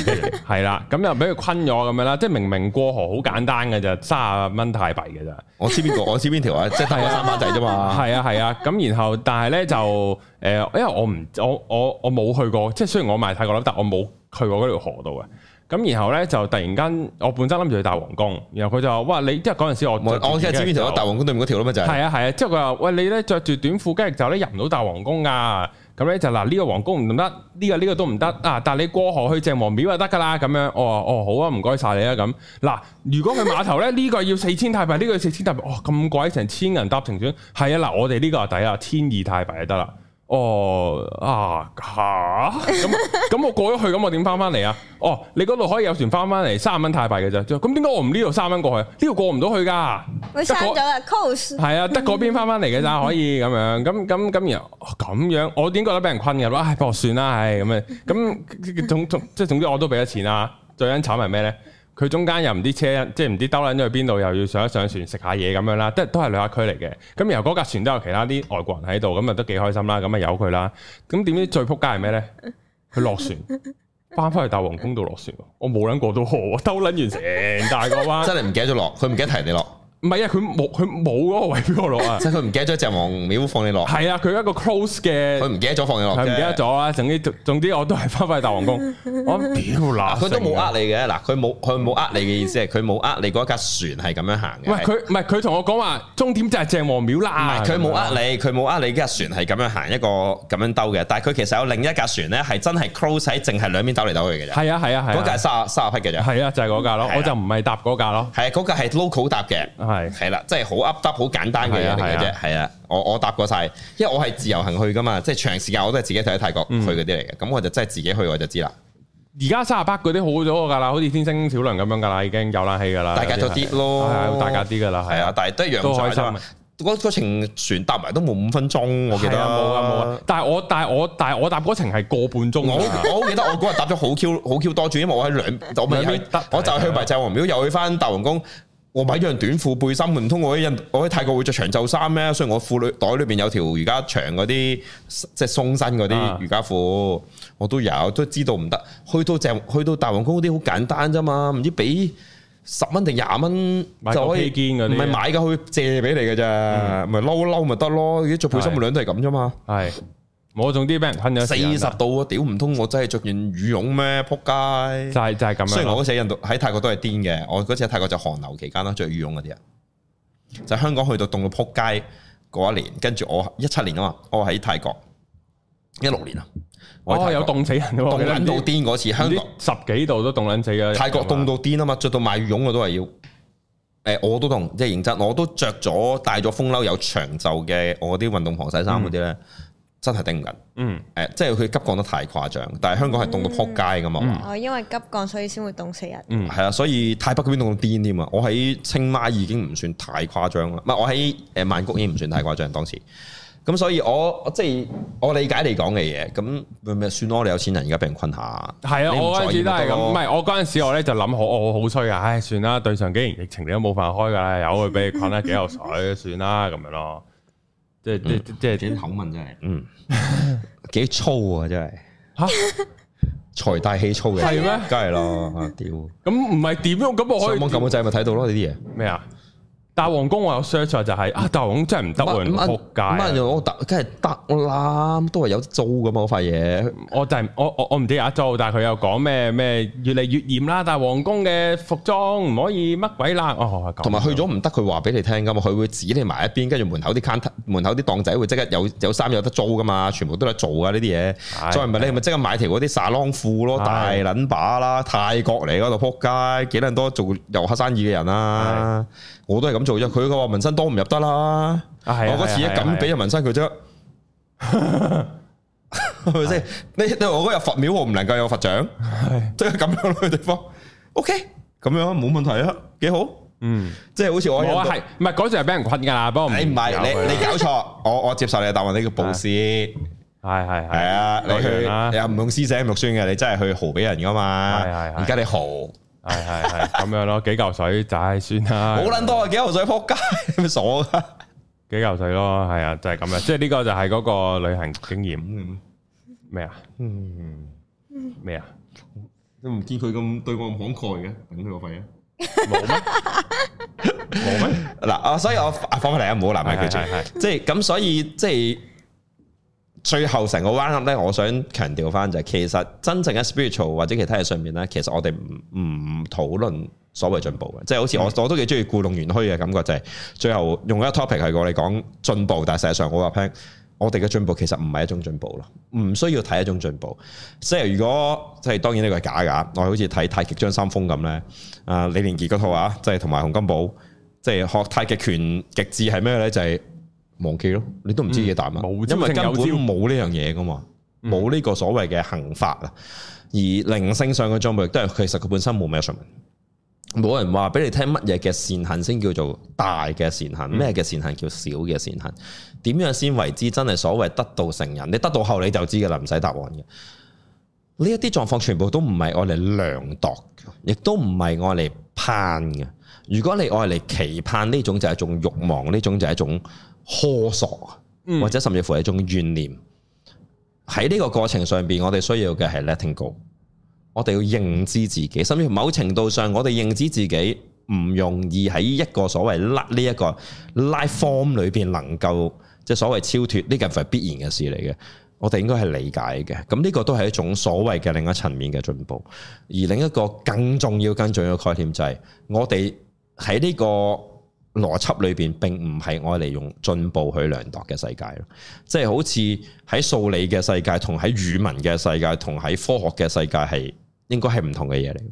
係啦，咁又俾佢昆咗咁樣啦，即係 明明過河好簡單嘅啫，卅蚊泰幣嘅咋。我知邊個，我知邊條啊，即係翻咗三把仔啫嘛。係啊係啊，咁然後但係咧就誒，因為我唔我我我冇去過，即係雖然我賣泰國佬，但我冇去過嗰條河度嘅。咁然後咧就突然間，我本身諗住去大皇宮，然後佢就話：，哇，你即係嗰陣時我我知邊條大皇宮對面嗰條啦嘛，就係啊係啊，即係佢話：，喂，你咧着住短褲跟住就咧入唔到大皇宮噶。咁咧就嗱呢個皇宮唔得，呢、這個呢個都唔得啊！但係你過河去鄭王廟就得噶啦，咁樣我哦，哦好啊，唔該晒你啊咁嗱。如果去碼頭咧，呢 個要四千泰幣，呢、這個要四千泰幣，哇咁貴，成千銀搭成船。係啊嗱、啊，我哋呢個啊抵啊，千二泰幣就得啦。哦啊吓咁咁我過咗去咁我點翻翻嚟啊？ 哦，你嗰度可以有船翻翻嚟，三蚊泰幣嘅啫。咁點解我唔呢度三蚊過去？呢度過唔到去噶，會刪咗？Cause？係啊，得嗰邊翻翻嚟嘅咋，可以咁樣。咁咁咁而咁樣，我點覺得俾人困入嘞？唉，不過算啦，唉，咁樣咁總即係總，總，總之我、啊，我都俾咗錢啦。最緊慘係咩咧？佢中間又唔知車，即係唔知兜撚咗去邊度，又要上一上船食下嘢咁樣啦，都都係旅客區嚟嘅。咁然後嗰架船都有其他啲外國人喺度，咁咪都幾開心啦。咁咪由佢啦。咁點知最撲街係咩咧？佢落船，翻返去大皇宮度落船。我冇撚過到河，兜撚完成大個灣， 真係唔記得咗落。佢唔記得提你落。唔係啊！佢冇佢冇嗰個位俾我落啊！即係佢唔記得咗鄭王廟放你落。係啊！佢一個 close 嘅，佢唔記得咗放你落。佢唔記得咗啊！總之總之我都係翻返大皇宮。我屌啦，佢、 啊、都冇呃你嘅嗱，佢冇佢冇呃你嘅意思係佢冇呃你嗰架船係咁樣行嘅。唔佢唔係佢同我講話終點就係鄭王廟啦。唔係佢冇呃你，佢冇呃你架船係咁樣行一個咁樣兜嘅，但係佢其實有另一架船咧係真係 close 喺，淨係兩邊兜嚟兜去嘅啫。係啊係啊，嗰架卅卅匹嘅啫。係啊，就係嗰架咯。啊、我就唔係搭嗰架咯，係嗰架係 local 搭嘅。係係啦，即係好 up d 好簡單嘅嘢嚟嘅啫。係啊，我我搭過晒，因為我係自由行去噶嘛，即係長時間我都係自己睇泰國去嗰啲嚟嘅。咁我就真係自己去，我就知啦。而家卅八嗰啲好咗噶啦，好似天星小輪咁樣噶啦，已經有冷氣噶啦。大家多啲咯，大家啲噶啦。係啊，但係都一樣開心。嗰程船搭埋都冇五分鐘，我記得冇啊冇啊。但係我但係我但係我搭嗰程係個半鐘，我我好記得我嗰日搭咗好 Q 好 Q 多轉，因為我喺兩，我唔係我就去埋鄭王廟，又去翻大皇宮。我買樣短褲背心，唔通我喺印我喺泰國會着長袖衫咩？雖然我褲裏袋裏邊有條瑜伽長嗰啲，即係鬆身嗰啲瑜伽褲，我都有，都知道唔得。去到鄭去到大皇宮嗰啲好簡單啫嘛，唔知俾十蚊定廿蚊就可以。唔係買噶，佢借俾你噶咋？咪嬲嬲咪得咯？如果着背心嘅兩對係咁啫嘛。係。冇，仲啲俾人困咗四十度啊！屌唔通我真係着件羽絨咩？撲街，就係！就係就係咁樣。雖然我嗰次喺印度、喺泰國都係癲嘅。我嗰次喺泰國就寒流期間啦，着羽絨嗰啲人。就是，香港去到凍到撲街嗰一年，跟住我一七年啊嘛，我喺泰國一六年、哦、啊，我有凍死人，凍到癲嗰次。香港了十幾度都凍撚死啊！泰國凍到癲啊嘛，着到買羽絨我都係要。誒、欸，我都同，即、就、係、是、認真，我都着咗帶咗風褸，有長袖嘅，我啲運動防曬衫嗰啲咧。嗯。真係頂唔緊，誒、嗯欸，即係佢急降得太誇張，但係香港係凍到撲街㗎嘛。哦、嗯，嗯、因為急降所以先會凍死人。嗯，係啊，所以泰北嗰邊凍到癲添啊！我喺清邁已經唔算太誇張啦，唔係我喺誒曼谷已經唔算太誇張當時。咁所以我，我即係我理解你講嘅嘢。咁算咯，你有錢人而家俾人困下。係啊，意我嗰陣都係咁，唔係我嗰陣時我咧就諗好，我好衰啊！唉，算啦，對上既然疫情你都冇法開㗎啦，由佢俾你困得幾有水 算啦，咁樣咯。即係即即係點口吻真係，即係、嗯，即係、嗯幾粗啊真係，啊，吓財大氣粗嘅係咩？梗係咯，屌，咁唔係點樣咁我可以上網撳個掣咪睇到咯？呢啲嘢咩啊？大皇宮我有 search 就係、是、啊，大皇宮真係唔得，佢唔撲街。唔係真係得啦，都係有得租噶嘛，嗰塊嘢。我就係我我我唔知有得租，但係佢又講咩咩越嚟越嚴啦。但係皇宮嘅服裝唔可以乜鬼爛。哦，同埋去咗唔得，佢話俾你聽噶嘛，佢會指你埋一邊，跟住門口啲攤，門口啲檔仔會即刻有有衫有得租噶嘛，全部都喺度做啊呢啲嘢。是的 再唔係你咪即是的 刻買條嗰啲沙朗褲咯，是的 大撚把啦，泰國嚟嗰度撲街幾撚多做遊客生意嘅人啦。我都係咁。做咗佢個話紋身多唔入得啦，我嗰次一咁俾咗紋身，佢啫，係咪先？你我嗰日佛廟我唔能夠有佛像，即係咁樣嘅地方。OK，咁樣冇問題啊，幾好。嗯，即係好似我係，唔係嗰陣係俾人困噶啦，不過你唔係你你搞錯，我我接受你嘅答案，你個布施係係係啊，你去又唔用施捨木宣嘅，你真係去豪俾人噶嘛？係係，而家你豪。係係係咁樣咯，幾嚿水就係算啦。冇捻多啊，幾嚿水仆街，咁咪傻噶？幾嚿水咯，係啊，就係咁樣。即係呢個就係嗰個旅行經驗咁樣。咩啊？咩啊？都唔見佢咁對我咁慷慨嘅，頂佢個肺啊？冇咩？冇咩？嗱，所以我放翻嚟啊，冇男仔拒絕，即係咁，所以即係。最後成個彎合咧，我想強調翻就係其實真正嘅 spiritual 或者其他嘢上面咧，其實我哋唔唔討論所謂進步嘅，即係好似我我都幾中意故弄玄虛嘅感覺，就係最後用一個 topic 係我哋講進步，但係實際上我話聽我哋嘅進步其實唔係一種進步咯，唔需要睇一種進步。即係如果即係當然呢個係假噶，我好似睇《太極張三豐》咁咧，啊李連杰嗰套啊，即係同埋洪金寶，即係學太極拳極致係咩咧？就係。忘記咯，你都唔知嘅大問，嗯、因為根本冇呢樣嘢噶嘛，冇呢、嗯、個所謂嘅行法啊，而靈性上嘅裝備都係其實佢本身冇咩 measurement 冇人話俾你聽乜嘢嘅善行先叫做大嘅善行，咩嘅、嗯、善行叫小嘅善行，點樣先為之真係所謂得到成人？你得到後你就知噶啦，唔使答案嘅。呢一啲狀況全部都唔係我嚟量度，亦都唔係我嚟攀嘅。如果你愛嚟期盼呢種就係一種欲望，呢、嗯、種就係一種。苛索，或者甚至乎係一種怨念。喺呢個過程上邊，我哋需要嘅係 letting go。我哋要認知自己，甚至某程度上，我哋認知自己唔容易喺一個所謂甩呢一個 life form 裏邊，能夠即係所謂超脫呢個係必然嘅事嚟嘅。我哋應該係理解嘅。咁呢個都係一種所謂嘅另一層面嘅進步。而另一個更重要、更重要嘅概念就係我哋喺呢個。邏輯裏邊並唔係我哋用進步去量度嘅世界咯，即係好似喺數理嘅世界，同喺語文嘅世界，同喺科學嘅世界係應該係唔同嘅嘢嚟。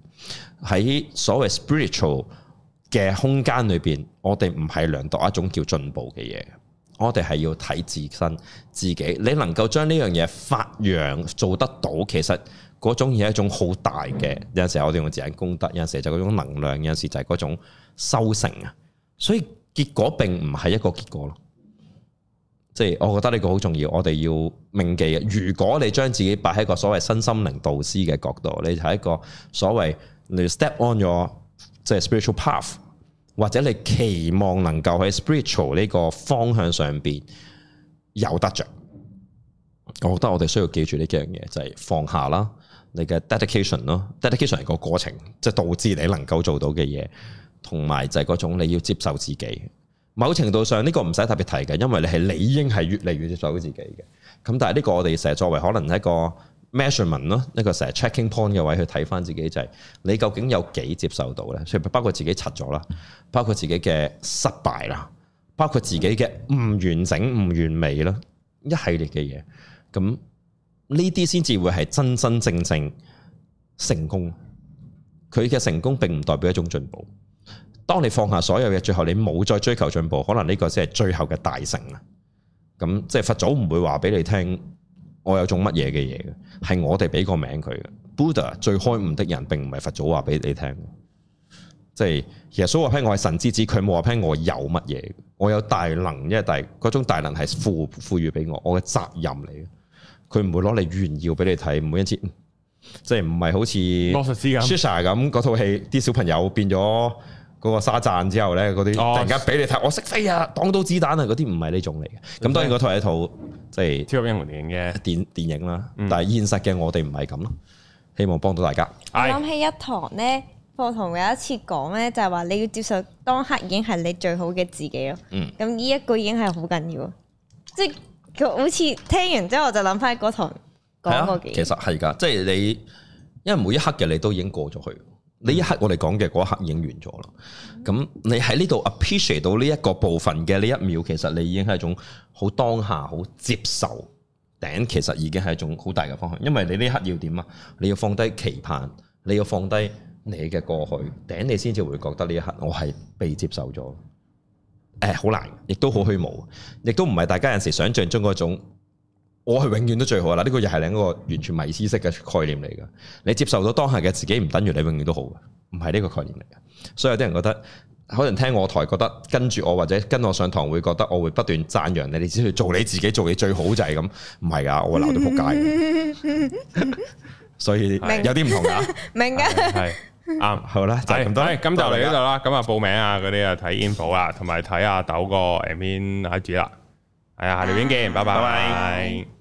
喺所謂 spiritual 嘅空間裏邊，我哋唔係量度一種叫進步嘅嘢，我哋係要睇自身自己。你能夠將呢樣嘢發揚做得到，其實嗰種嘢係一種好大嘅。有陣時候我哋用字眼功德，有陣時就嗰種能量，有陣時就係嗰種修成啊。所以結果並唔係一個結果咯，即係我覺得呢個好重要，我哋要銘記嘅。如果你將自己擺喺個所謂身心靈導師嘅角度，你係一個所謂你 step on 咗即係 spiritual path，或者你期望能夠喺 spiritual 呢個方向上邊有得着，我覺得我哋需要記住呢幾樣嘢，就係放下啦，你嘅 dedication 咯，dedication 係個過程，即係導致你能夠做到嘅嘢。同埋就係嗰種你要接受自己，某程度上呢個唔使特別提嘅，因為你係理應係越嚟越接受自己嘅。咁但係呢個我哋成日作為可能一個 measurement 咯，一個成日 checking point 嘅位去睇翻自己，就係你究竟有幾接受到呢？包括自己窒咗啦，包括自己嘅失敗啦，包括自己嘅唔完整、唔完美啦，一系列嘅嘢。咁呢啲先至會係真真正正成功。佢嘅成功並唔代表一種進步。當你放下所有嘅，最後你冇再追求進步，可能呢個先係最後嘅大成啊！咁即係佛祖唔會話俾你聽，我有種乜嘢嘅嘢嘅，係我哋俾個名佢嘅。Buddha 最開悟的人，並唔係佛祖話俾你聽。即係其實耶穌話我係神之子，佢冇話聽我有乜嘢，我有大能，因為大嗰種大能係賦賦予俾我，我嘅責任嚟嘅。佢唔會攞嚟炫耀俾你睇，每一件即係唔係好似老師咁，嗰套戲啲小朋友變咗。嗰個沙讚之後咧，嗰啲突然間俾你睇，oh, sh 我識飛啊，擋到子彈啊，嗰啲唔係呢種嚟嘅。咁的當然嗰套係一套即係超級英雄嘅電電影啦，影嗯、但係現實嘅我哋唔係咁咯。希望幫到大家。我諗起一堂咧，課堂有一次講咧，就係話你要接受當刻已經係你最好嘅自己咯。咁呢一句已經係好緊要，即係佢好似聽完之後我就諗翻喺嗰堂講過嘅。其實係㗎，即、就、係、是、你因為每一刻嘅你都已經過咗去。呢一刻我哋講嘅嗰一刻已經完咗啦，咁你喺呢度 appreciate 到呢一個部分嘅呢一秒，其實你已經係一種好當下、好接受頂，其實已經係一種好大嘅方向。因為你呢刻要點啊？你要放低期盼，你要放低你嘅過去頂，你先至會覺得呢一刻我係被接受咗。誒、欸，好難，亦都好虛無，亦都唔係大家有時想像中嗰種。我係永遠都最好啊！嗱，呢個又係另一個完全迷思式嘅概念嚟噶。你接受到當下嘅自己唔等於你永遠都好嘅，唔係呢個概念嚟嘅。所以有啲人覺得，可能聽我台覺得跟住我或者跟我上堂會覺得我會不斷讚揚你，你只要做你自己做嘢最好就係咁，唔係噶，我會鬧到仆街。白 所以有啲唔同啊，明嘅，係啱，對好啦，就咁多，咁就嚟呢度啦。咁啊、哎，報名啊嗰啲啊，睇 info 啊，同埋睇阿豆個 admin ig 啦。係啊，下邊見，拜拜。拜拜。